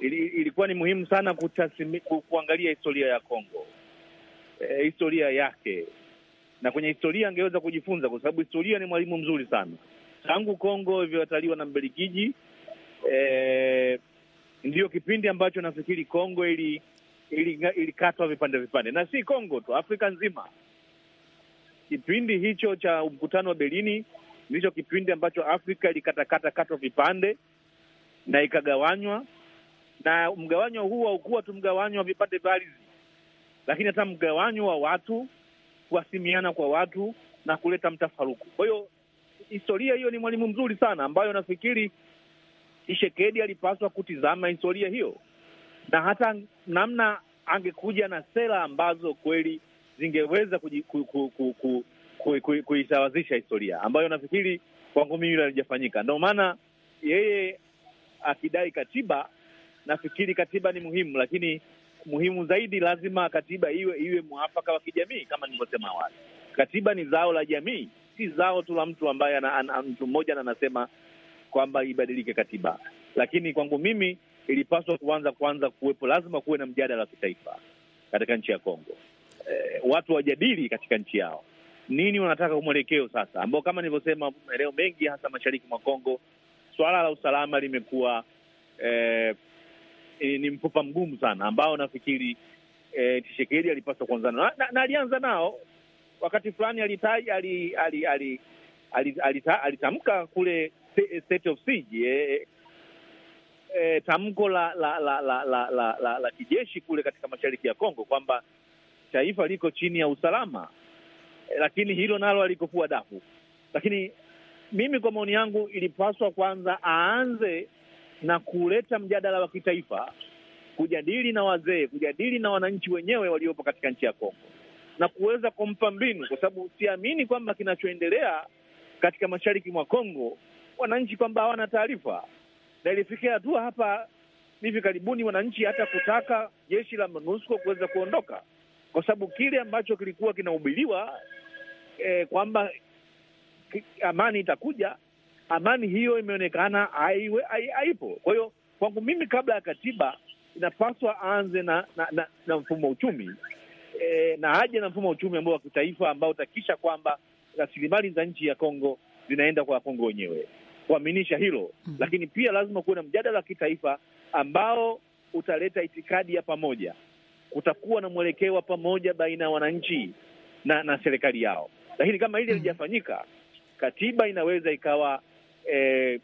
ili, ilikuwa ni muhimu sana kutasimi, kuangalia historia ya Kongo e, historia yake, na kwenye historia angeweza kujifunza, kwa sababu historia ni mwalimu mzuri sana. Tangu Kongo ilivyotawaliwa na Mbelikiji e, eh, ndiyo kipindi ambacho nafikiri Kongo ili ilikatwa ili vipande vipande, na si Kongo tu, Afrika nzima. Kipindi hicho cha mkutano wa Berlini ndicho kipindi ambacho Afrika ilikatakata vipande na ikagawanywa, na mgawanyo huu haukuwa tu mgawanyo wa vipande vya ardhi, lakini hata mgawanyo wa watu, kuhasimiana kwa watu na kuleta mtafaruku. Kwa hiyo historia hiyo ni mwalimu mzuri sana, ambayo nafikiri Tshisekedi alipaswa kutizama historia hiyo, na hata namna angekuja na sera ambazo kweli zingeweza ku, ku, ku, ku, kuisawazisha historia ambayo nafikiri kwangu mimi hilo halijafanyika. Ndio maana yeye akidai katiba, nafikiri katiba ni muhimu, lakini muhimu zaidi, lazima katiba iwe iwe mwafaka wa kijamii. Kama nilivyosema awali, katiba ni zao la jamii, si zao tu la mtu ambaye ana, ana, mtu mmoja na anasema kwamba ibadilike katiba. Lakini kwangu mimi ilipaswa kuanza kwanza kuwepo, lazima kuwe na mjadala wa kitaifa katika nchi ya Kongo. E, watu wajadili katika nchi yao nini wanataka mwelekeo sasa, ambao kama nilivyosema, maeneo mengi hasa mashariki mwa Kongo swala la usalama limekuwa eh, ni mfupa mgumu sana, ambao nafikiri eh, Tshisekedi alipaswa kuanza nao na, na alianza nao wakati fulani alitaja ali, ali, ali, ali, ali, alitamka kule state of siege eh, eh, eh tamko la la la la la la la kijeshi kule katika mashariki ya Kongo kwamba taifa liko chini ya usalama Eh, lakini hilo nalo alikufua dafu. Lakini mimi kwa maoni yangu, ilipaswa kwanza aanze na kuleta mjadala wa kitaifa, kujadili na wazee, kujadili na wananchi wenyewe waliopo katika nchi ya Kongo na kuweza kumpa mbinu, kwa sababu siamini kwamba kinachoendelea katika mashariki mwa Kongo wananchi kwamba hawana taarifa, na ilifikia hatua hapa hivi karibuni wananchi hata kutaka jeshi la MONUSCO kuweza kuondoka kwa sababu kile ambacho kilikuwa kinahubiriwa eh, kwamba amani itakuja, amani hiyo imeonekana haipo ai. Kwa hiyo kwangu mimi, kabla ya katiba inapaswa aanze na, na, na, na mfumo wa uchumi eh, na aje na mfumo wa uchumi ambao wa kitaifa ambao utakisha kwamba rasilimali za nchi ya Kongo zinaenda kwa Wakongo wenyewe kuaminisha hilo mm. Lakini pia lazima kuwe na mjadala wa kitaifa ambao utaleta itikadi ya pamoja kutakuwa na mwelekeo wa pamoja baina ya wananchi na na serikali yao. Lakini kama hili mhm. halijafanyika, -hmm. katiba inaweza ikawa eh,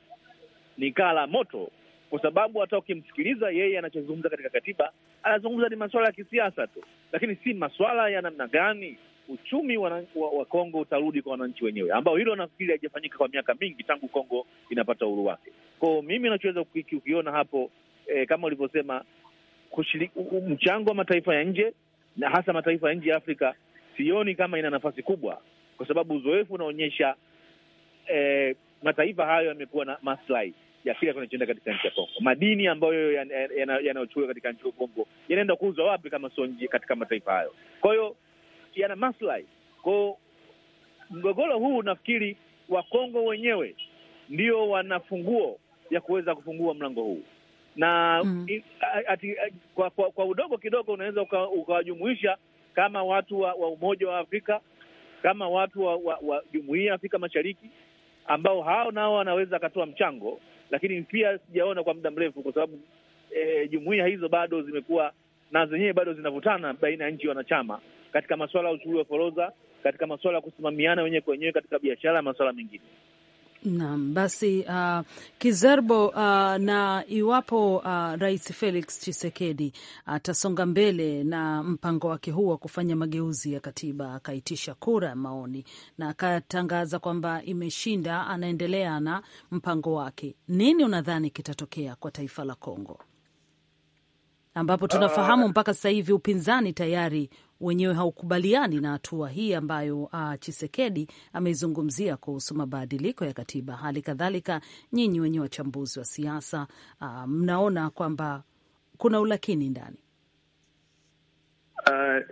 ni kala moto, kwa sababu hata ukimsikiliza yeye anachozungumza katika katiba, anazungumza ni masuala ya kisiasa tu, lakini si masuala ya namna gani uchumi wa, wa, wa Kongo utarudi kwa wananchi wenyewe, ambao hilo nafikiri haijafanyika kwa miaka mingi tangu Kongo inapata uhuru wake. Kwao mimi nachoweza kukiona hapo eh, kama ulivyosema kushiriki mchango wa mataifa ya nje na hasa mataifa ya nje ya Afrika, sioni kama ina nafasi kubwa, kwa sababu uzoefu unaonyesha eh, mataifa hayo yamekuwa na maslahi ya kile kinachoenda katika nchi ya Kongo. Madini ambayo yanayochukuliwa yana, yana katika nchi ya Kongo yanaenda kuuzwa wapi kama sio nje katika mataifa hayo? Kwa hiyo yana maslahi kwao. Mgogoro huu nafikiri Wakongo wenyewe ndio wanafunguo ya kuweza kufungua mlango huu na mm. ati, kwa, kwa, kwa udogo kidogo unaweza ukawajumuisha uka kama watu wa, wa Umoja wa Afrika kama watu wa, wa, wa Jumuiya ya Afrika Mashariki ambao hao nao wanaweza akatoa mchango, lakini pia sijaona kwa muda mrefu, kwa sababu e, jumuiya hizo bado zimekuwa na zenyewe bado zinavutana baina ya nchi wanachama katika masuala ya uchukuzi wa forodha, katika masuala ya kusimamiana wenyewe kwa wenyewe katika biashara ya masuala mengine. Naam, basi uh, Kizerbo uh, na iwapo uh, Rais Felix Tshisekedi atasonga uh, mbele na mpango wake huu wa kufanya mageuzi ya katiba, akaitisha kura ya maoni na akatangaza kwamba imeshinda, anaendelea na mpango wake, nini unadhani kitatokea kwa taifa la Kongo ambapo tunafahamu ah. mpaka sasa hivi upinzani tayari wenyewe haukubaliani na hatua hii ambayo uh, ah, Chisekedi ameizungumzia kuhusu mabadiliko ya katiba. Hali kadhalika nyinyi wenyewe wachambuzi wa siasa uh, mnaona kwamba kuna ulakini ndani uh,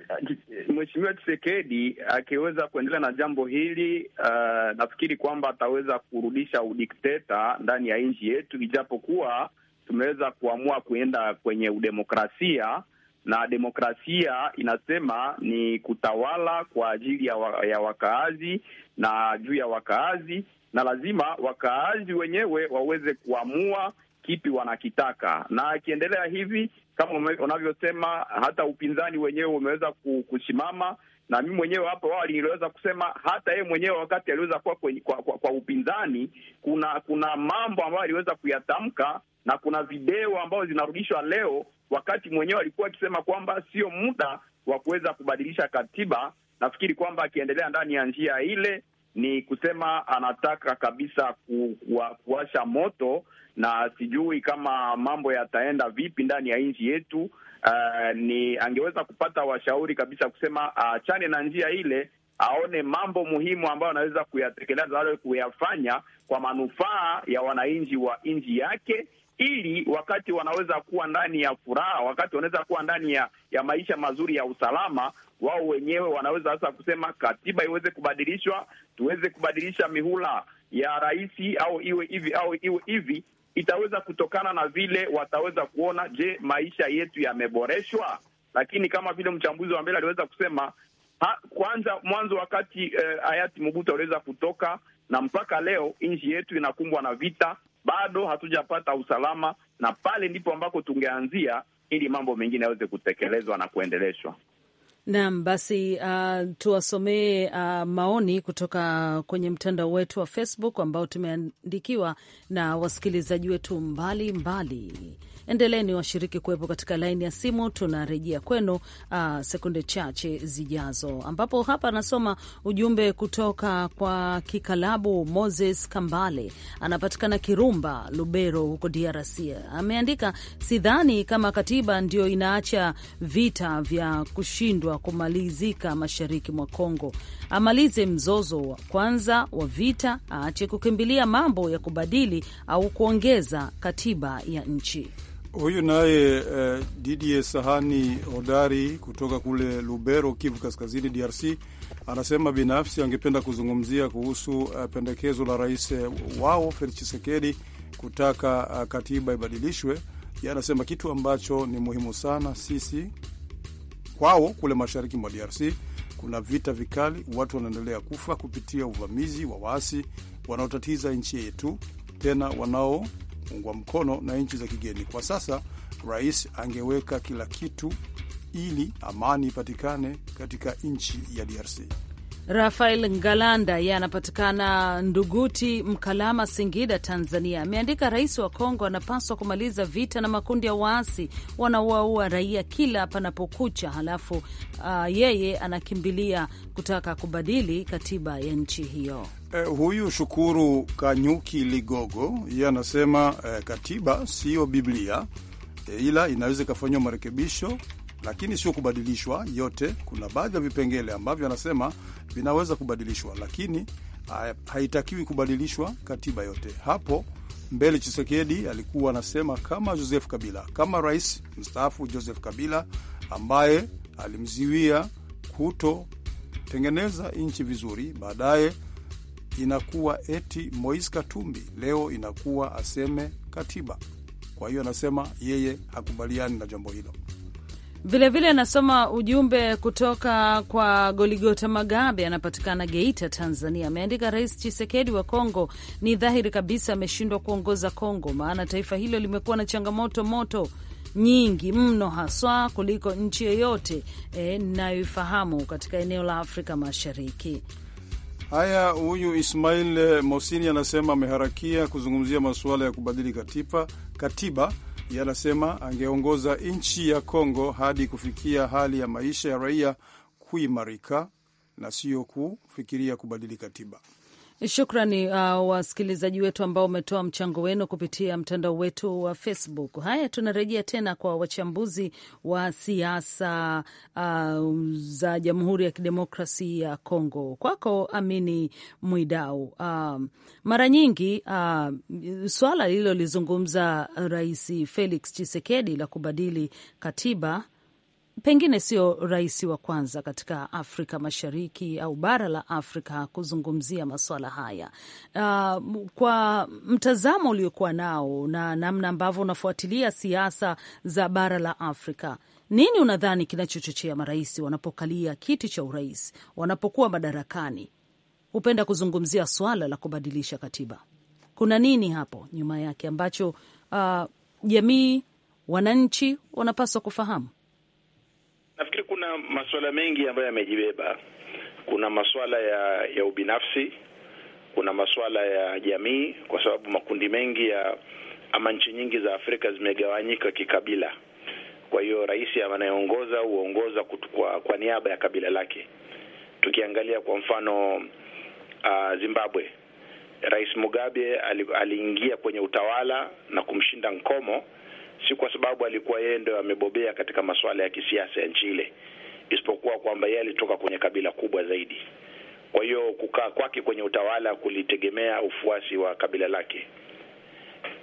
Mheshimiwa Chisekedi akiweza kuendelea na jambo hili uh, nafikiri kwamba ataweza kurudisha udikteta ndani ya nchi yetu, ijapokuwa tumeweza kuamua kuenda kwenye udemokrasia na demokrasia inasema ni kutawala kwa ajili ya, wa, ya wakaazi na juu ya wakaazi, na lazima wakaazi wenyewe waweze kuamua kipi wanakitaka. Na akiendelea hivi kama unavyosema, hata upinzani wenyewe umeweza kusimama, na mimi mwenyewe hapo awali niliweza kusema hata yeye mwenyewe wakati aliweza kuwa kwa, kwa, kwa, kwa upinzani, kuna kuna mambo ambayo aliweza kuyatamka na kuna video ambazo zinarudishwa leo wakati mwenyewe alikuwa akisema kwamba sio muda wa kuweza kubadilisha katiba. Nafikiri kwamba akiendelea ndani ya njia ile ni kusema anataka kabisa ku, kuwa, kuwasha moto, na sijui kama mambo yataenda vipi ndani ya nchi yetu. Uh, ni angeweza kupata washauri kabisa kusema achane uh, na njia ile, aone mambo muhimu ambayo anaweza kuyatekeleza, wale kuyafanya kwa manufaa ya wananchi wa nchi yake ili wakati wanaweza kuwa ndani ya furaha, wakati wanaweza kuwa ndani ya, ya maisha mazuri ya usalama wao wenyewe wanaweza sasa kusema katiba iweze kubadilishwa, tuweze kubadilisha mihula ya rais au iwe hivi au iwe hivi. Itaweza kutokana na vile wataweza kuona, je, maisha yetu yameboreshwa? Lakini kama vile mchambuzi wa mbele aliweza kusema ha, kwanza mwanzo wakati eh, hayati Mobutu aliweza kutoka na mpaka leo nchi yetu inakumbwa na vita, bado hatujapata usalama, na pale ndipo ambako tungeanzia ili mambo mengine yaweze kutekelezwa na kuendeleshwa. Naam, basi uh, tuwasomee uh, maoni kutoka kwenye mtandao wetu wa Facebook ambao tumeandikiwa na wasikilizaji wetu mbalimbali mbali endeleni washiriki kuwepo katika laini ya simu, tunarejea kwenu uh, sekunde chache zijazo, ambapo hapa anasoma ujumbe kutoka kwa kikalabu Moses Kambale, anapatikana Kirumba, Lubero huko DRC. Ameandika, sidhani kama katiba ndio inaacha vita vya kushindwa kumalizika mashariki mwa Kongo. Amalize mzozo wa kwanza wa vita, aache kukimbilia mambo ya kubadili au kuongeza katiba ya nchi. Huyu naye uh, eh, Didie Sahani Hodari kutoka kule Lubero, Kivu Kaskazini, DRC, anasema binafsi angependa kuzungumzia kuhusu uh, pendekezo la rais eh, wao Felix Tshisekedi kutaka uh, katiba ibadilishwe. Yeye anasema kitu ambacho ni muhimu sana sisi kwao kule mashariki mwa DRC kuna vita vikali, watu wanaendelea kufa kupitia uvamizi wa waasi wanaotatiza nchi yetu, tena wanao kuungwa mkono na nchi za kigeni. Kwa sasa rais angeweka kila kitu ili amani ipatikane katika nchi ya DRC. Rafael Ngalanda yanapatikana Nduguti, Mkalama, Singida, Tanzania, ameandika rais wa Kongo anapaswa kumaliza vita na makundi ya waasi wanaowaua raia kila panapokucha, halafu uh, yeye anakimbilia kutaka kubadili katiba ya nchi hiyo. Eh, huyu Shukuru Kanyuki Ligogo yeye anasema eh, katiba siyo Biblia eh, ila inaweza ikafanyiwa marekebisho lakini sio kubadilishwa yote. Kuna baadhi ya vipengele ambavyo anasema vinaweza kubadilishwa, lakini eh, haitakiwi kubadilishwa katiba yote. Hapo mbele Chisekedi alikuwa anasema kama Joseph Kabila, kama rais mstaafu Joseph Kabila ambaye alimziwia kutotengeneza nchi vizuri, baadaye inakuwa eti Moise Katumbi leo inakuwa aseme katiba. Kwa hiyo anasema yeye hakubaliani na jambo hilo. Vilevile anasoma ujumbe kutoka kwa Goligota Magabe, anapatikana Geita, Tanzania. Ameandika, Rais Chisekedi wa Kongo ni dhahiri kabisa ameshindwa kuongoza Kongo, maana taifa hilo limekuwa na changamoto moto nyingi mno haswa kuliko nchi yoyote ninayoifahamu eh, e, katika eneo la Afrika Mashariki. Haya, huyu Ismail eh, Mosini anasema ameharakia kuzungumzia masuala ya kubadili katiba, katiba yeye anasema angeongoza nchi ya Kongo hadi kufikia hali ya maisha ya raia kuimarika na sio kufikiria kubadili katiba. Shukrani uh, wasikilizaji wetu ambao umetoa mchango wenu kupitia mtandao wetu wa Facebook. Haya, tunarejea tena kwa wachambuzi wa siasa uh, za Jamhuri ya Kidemokrasi ya Kongo. Kwako Amini Mwidau, uh, mara nyingi uh, swala lililolizungumza Rais Felix chisekedi la kubadili katiba pengine sio rais wa kwanza katika Afrika Mashariki au bara la Afrika kuzungumzia masuala haya. Uh, kwa mtazamo uliokuwa nao na namna ambavyo unafuatilia siasa za bara la Afrika, nini unadhani kinachochochea marais wanapokalia kiti cha urais, wanapokuwa madarakani, hupenda kuzungumzia swala la kubadilisha katiba? Kuna nini hapo nyuma yake ambacho uh, jamii, wananchi wanapaswa kufahamu? kuna masuala mengi ambayo yamejibeba. Kuna masuala ya, ya ubinafsi, kuna masuala ya jamii, kwa sababu makundi mengi ya ama nchi nyingi za Afrika zimegawanyika kikabila. Kwa hiyo rais anayeongoza huongoza kwa, kwa niaba ya kabila lake. Tukiangalia kwa mfano uh, Zimbabwe, Rais Mugabe aliingia kwenye utawala na kumshinda Nkomo si kwa sababu alikuwa yeye ndio amebobea katika masuala ya kisiasa ya nchi ile, isipokuwa kwamba yeye alitoka kwenye kabila kubwa zaidi. Kwa hiyo kukaa kwake kwenye utawala kulitegemea ufuasi wa kabila lake.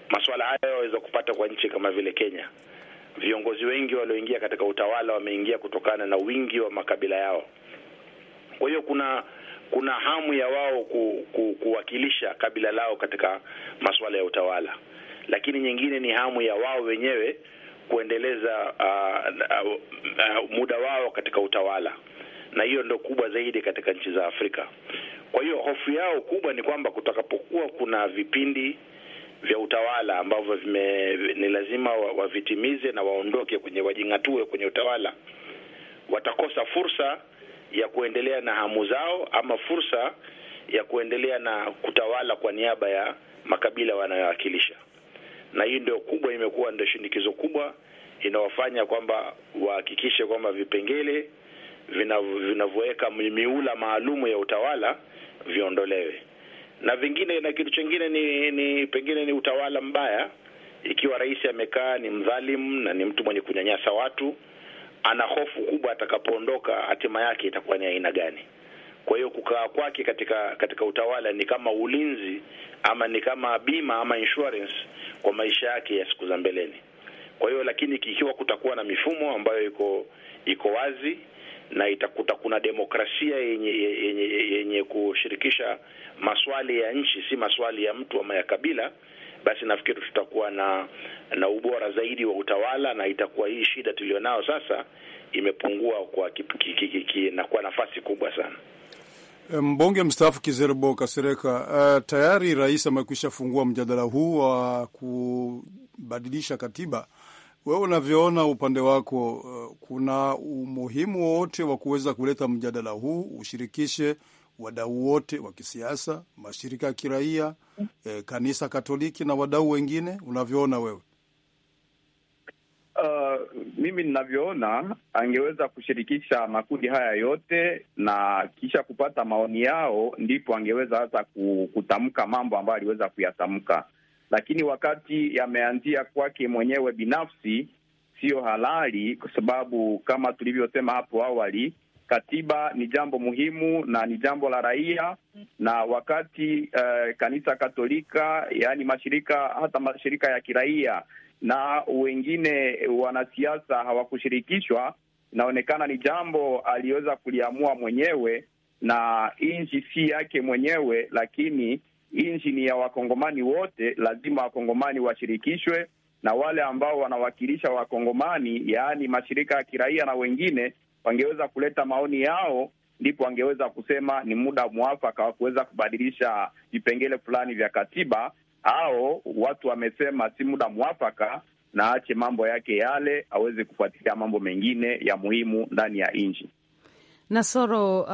Masuala hayo yaweza kupata kwa nchi kama vile Kenya. Viongozi wengi walioingia katika utawala wameingia kutokana na wingi wa makabila yao. Kwa hiyo kuna kuna hamu ya wao ku, ku, kuwakilisha kabila lao katika masuala ya utawala lakini nyingine ni hamu ya wao wenyewe kuendeleza uh, uh, uh, muda wao katika utawala, na hiyo ndo kubwa zaidi katika nchi za Afrika. Kwa hiyo hofu yao kubwa ni kwamba kutakapokuwa kuna vipindi vya utawala ambavyo ni lazima wavitimize na waondoke kwenye, wajing'atue kwenye utawala, watakosa fursa ya kuendelea na hamu zao ama fursa ya kuendelea na kutawala kwa niaba ya makabila wanayowakilisha na hii ndio kubwa, imekuwa ndio shinikizo kubwa inawafanya kwamba wahakikishe kwamba vipengele vinavyoweka miula maalumu ya utawala viondolewe na vingine. Na kitu chingine ni, ni pengine ni utawala mbaya. Ikiwa rais amekaa ni mdhalimu na ni mtu mwenye kunyanyasa watu, ana hofu kubwa atakapoondoka hatima yake itakuwa ni aina gani? Kwa hiyo kukaa kwake katika katika utawala ni kama ulinzi ama ni kama bima ama insurance kwa maisha yake ya siku za mbeleni. Kwa hiyo lakini, ikiwa kutakuwa na mifumo ambayo iko iko wazi na itakuta kuna demokrasia yenye, yenye, yenye kushirikisha maswali ya nchi, si maswali ya mtu ama ya kabila, basi nafikiri tutakuwa na na ubora zaidi wa utawala na itakuwa hii shida tulionao sasa imepungua kwa kip, kip, kip, na kwa nafasi kubwa sana. Eh, mbunge mstaafu Kizerbo Kasereka, uh, eh, tayari rais amekwisha fungua mjadala huu wa kubadilisha katiba. Wewe unavyoona upande wako, uh, kuna umuhimu wowote wa kuweza kuleta mjadala huu ushirikishe wadau wote wa kisiasa, mashirika ya kiraia, eh, kanisa Katoliki na wadau wengine, unavyoona wewe? uh, mimi ninavyoona angeweza kushirikisha makundi haya yote na kisha kupata maoni yao, ndipo angeweza hata kutamka mambo ambayo aliweza kuyatamka, lakini wakati yameanzia kwake mwenyewe binafsi siyo halali, kwa sababu kama tulivyosema hapo awali, katiba ni jambo muhimu na ni jambo la raia, na wakati uh, kanisa Katolika, yaani mashirika hata mashirika ya kiraia na wengine wanasiasa hawakushirikishwa. Inaonekana ni jambo aliweza kuliamua mwenyewe, na nchi si yake mwenyewe, lakini nchi ni ya wakongomani wote. Lazima wakongomani washirikishwe na wale ambao wanawakilisha wakongomani, yaani mashirika ya kiraia na wengine, wangeweza kuleta maoni yao, ndipo wangeweza kusema ni muda mwafaka wa kuweza kubadilisha vipengele fulani vya katiba au watu wamesema si muda mwafaka na aache mambo yake yale, aweze kufuatilia mambo mengine ya muhimu ndani ya nchi. Nasoro, uh,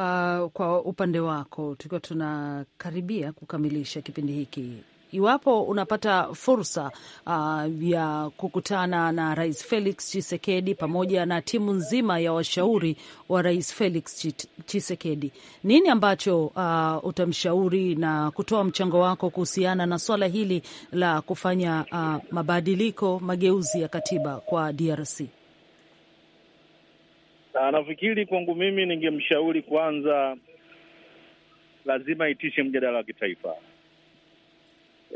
kwa upande wako, tukiwa tunakaribia kukamilisha kipindi hiki iwapo unapata fursa uh, ya kukutana na Rais Felix chisekedi pamoja na timu nzima ya washauri wa Rais Felix chisekedi nini ambacho uh, utamshauri na kutoa mchango wako kuhusiana na swala hili la kufanya uh, mabadiliko, mageuzi ya katiba kwa DRC? Ah, nafikiri kwangu mimi, ningemshauri kwanza, lazima aitishe mjadala wa kitaifa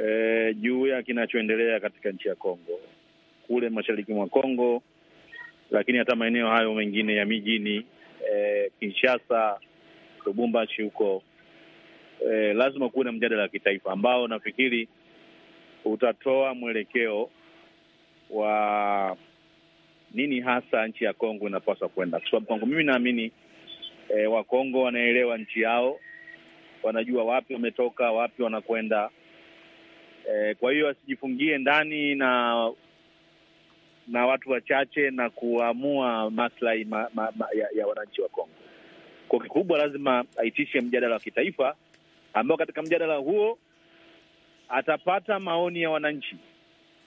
e, juu ya kinachoendelea katika nchi ya Kongo kule mashariki mwa Kongo, lakini hata maeneo hayo mengine ya mijini e, Kinshasa, Lubumbashi huko e, lazima kuwe na mjadala wa kitaifa ambao nafikiri utatoa mwelekeo wa nini hasa nchi ya Kongo inapaswa kwenda, kwa sababu kwangu mimi naamini e, Wakongo wanaelewa nchi yao, wanajua wapi wametoka, wapi wanakwenda E, kwa hiyo asijifungie ndani na na watu wachache na kuamua maslahi ma, ma, ma, ya, ya wananchi wa Kongo. Kwa kikubwa lazima aitishe mjadala wa kitaifa ambao katika mjadala huo atapata maoni ya wananchi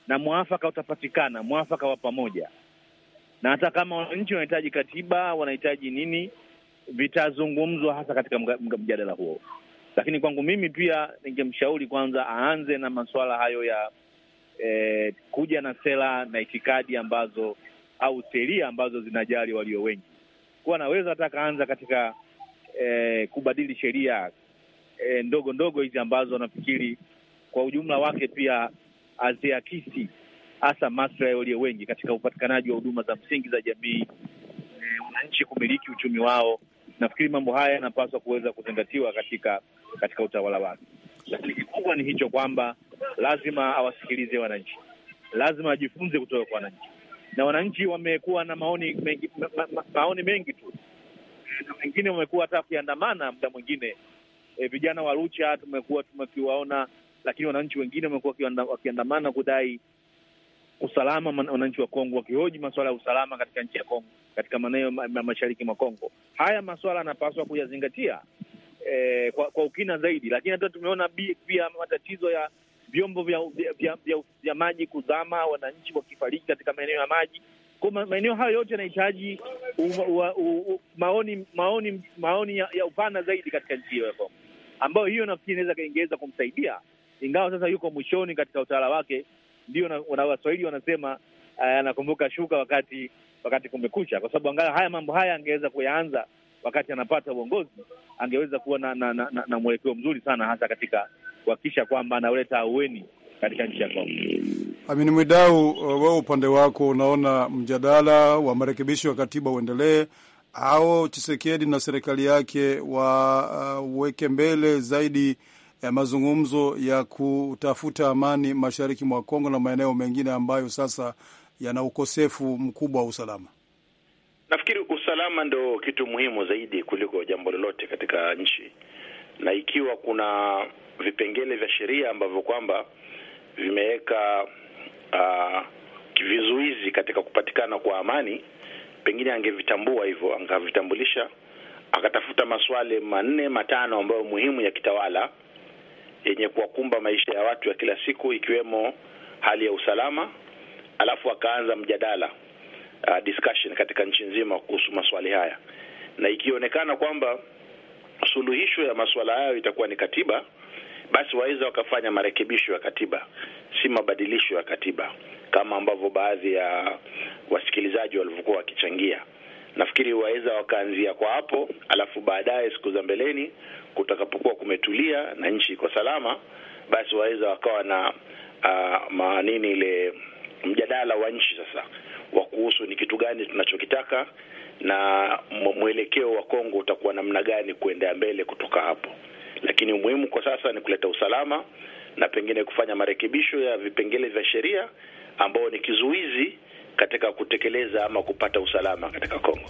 na mwafaka utapatikana, mwafaka wa pamoja. Na hata kama wananchi wanahitaji katiba, wanahitaji nini, vitazungumzwa hasa katika mjadala huo. Lakini kwangu mimi pia ningemshauri kwanza aanze na masuala hayo ya eh, kuja na sera na itikadi ambazo au sheria ambazo zinajali walio wengi, kuwa anaweza hata akaanza katika eh, kubadili sheria eh, ndogo ndogo hizi ambazo anafikiri kwa ujumla wake pia haziakisi hasa maslahi ya walio wengi katika upatikanaji wa huduma za msingi za jamii, eh, wananchi kumiliki uchumi wao nafikiri mambo haya yanapaswa kuweza kuzingatiwa katika katika utawala wake, lakini kikubwa ni hicho kwamba lazima awasikilize wananchi, lazima ajifunze kutoka kwa wananchi, na wananchi wamekuwa na maoni mengi, ma, ma, ma, maoni mengi tu na wengine wamekuwa hata wakiandamana muda mwingine. E, vijana wa Lucha tumekuwa tumekiwaona, lakini wananchi wengine wamekuwa wakiandamana kudai usalama, wananchi wa Kongo wakihoji masuala ya usalama katika nchi ya Kongo, katika maeneo ya mashariki mwa Kongo. Haya masuala yanapaswa kuyazingatia eh, kwa, kwa ukina zaidi, lakini hata tumeona pia matatizo ya vyombo vya, vya, vya, vya, vya maji kuzama, wananchi wakifariki katika maeneo ya maji. Kwa maeneo hayo yote yanahitaji maoni maoni maoni ya, ya upana zaidi katika nchi hiyo ya Kongo, ambayo hiyo nafikiri inaweza ingeweza kumsaidia, ingawa sasa yuko mwishoni katika utawala wake ndio na Waswahili wanasema eh, anakumbuka shuka wakati wakati kumekucha, kwa sababu angalau haya mambo haya angeweza kuyaanza wakati anapata uongozi, angeweza kuwa na, na, na, na mwelekeo mzuri sana, hasa katika kuhakikisha kwamba analeta aueni katika nchi ya Kongo. Amini Mwidau, eh, wewe upande wako unaona mjadala wa marekebisho ya katiba uendelee au Chisekedi na serikali yake waweke eh, uh, mbele zaidi eh, mazungumzo ya kutafuta amani mashariki mwa Kongo na maeneo mengine ambayo sasa yana ukosefu mkubwa wa usalama? Nafikiri usalama ndo kitu muhimu zaidi kuliko jambo lolote katika nchi, na ikiwa kuna vipengele vya sheria ambavyo kwamba vimeweka uh, vizuizi katika kupatikana kwa amani, pengine angevitambua hivyo, angavitambulisha, akatafuta maswali manne matano ambayo muhimu ya kitawala yenye kuwakumba maisha ya watu ya kila siku, ikiwemo hali ya usalama. Alafu akaanza mjadala uh, discussion katika nchi nzima kuhusu maswali haya, na ikionekana kwamba suluhisho ya masuala hayo itakuwa ni katiba, basi waweza wakafanya marekebisho ya katiba, si mabadilisho ya katiba, kama ambavyo baadhi ya wasikilizaji walivyokuwa wakichangia. Nafikiri waweza wakaanzia kwa hapo, alafu baadaye siku za mbeleni kutakapokuwa kumetulia na nchi iko salama, basi waweza wakawa na uh, ah, maanini ile mjadala wa nchi sasa wa kuhusu ni kitu gani tunachokitaka na mwelekeo wa Kongo utakuwa namna gani kuendea mbele kutoka hapo. Lakini umuhimu kwa sasa ni kuleta usalama na pengine kufanya marekebisho ya vipengele vya sheria ambao ni kizuizi katika kutekeleza ama kupata usalama katika Kongo.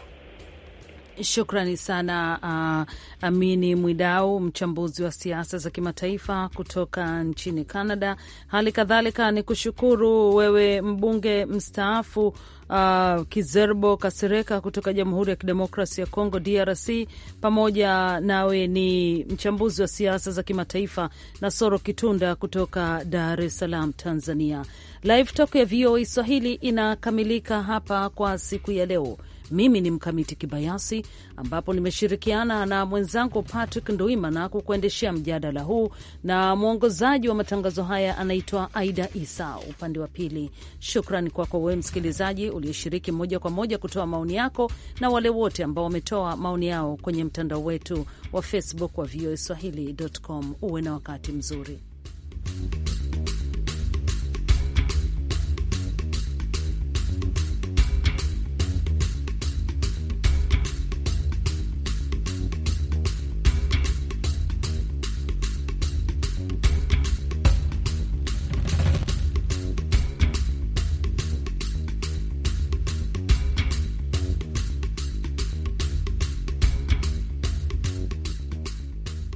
Shukrani sana uh, Amini Mwidau, mchambuzi wa siasa za kimataifa kutoka nchini Canada. Hali kadhalika ni kushukuru wewe mbunge mstaafu uh, Kizerbo Kasereka kutoka Jamhuri ya Kidemokrasi ya congo DRC. Pamoja nawe ni mchambuzi wa siasa za kimataifa na Soro Kitunda kutoka Dar es Salaam, Tanzania. Live Talk ya VOA Swahili inakamilika hapa kwa siku ya leo. Mimi ni Mkamiti Kibayasi, ambapo nimeshirikiana na mwenzangu Patrick Nduimana kukuendeshea mjadala huu, na mwongozaji wa matangazo haya anaitwa Aida Isa upande wa pili. Shukrani kwako wewe msikilizaji uliyeshiriki moja kwa moja kutoa maoni yako na wale wote ambao wametoa maoni yao kwenye mtandao wetu wa Facebook wa VOA Swahili.com. Uwe na wakati mzuri.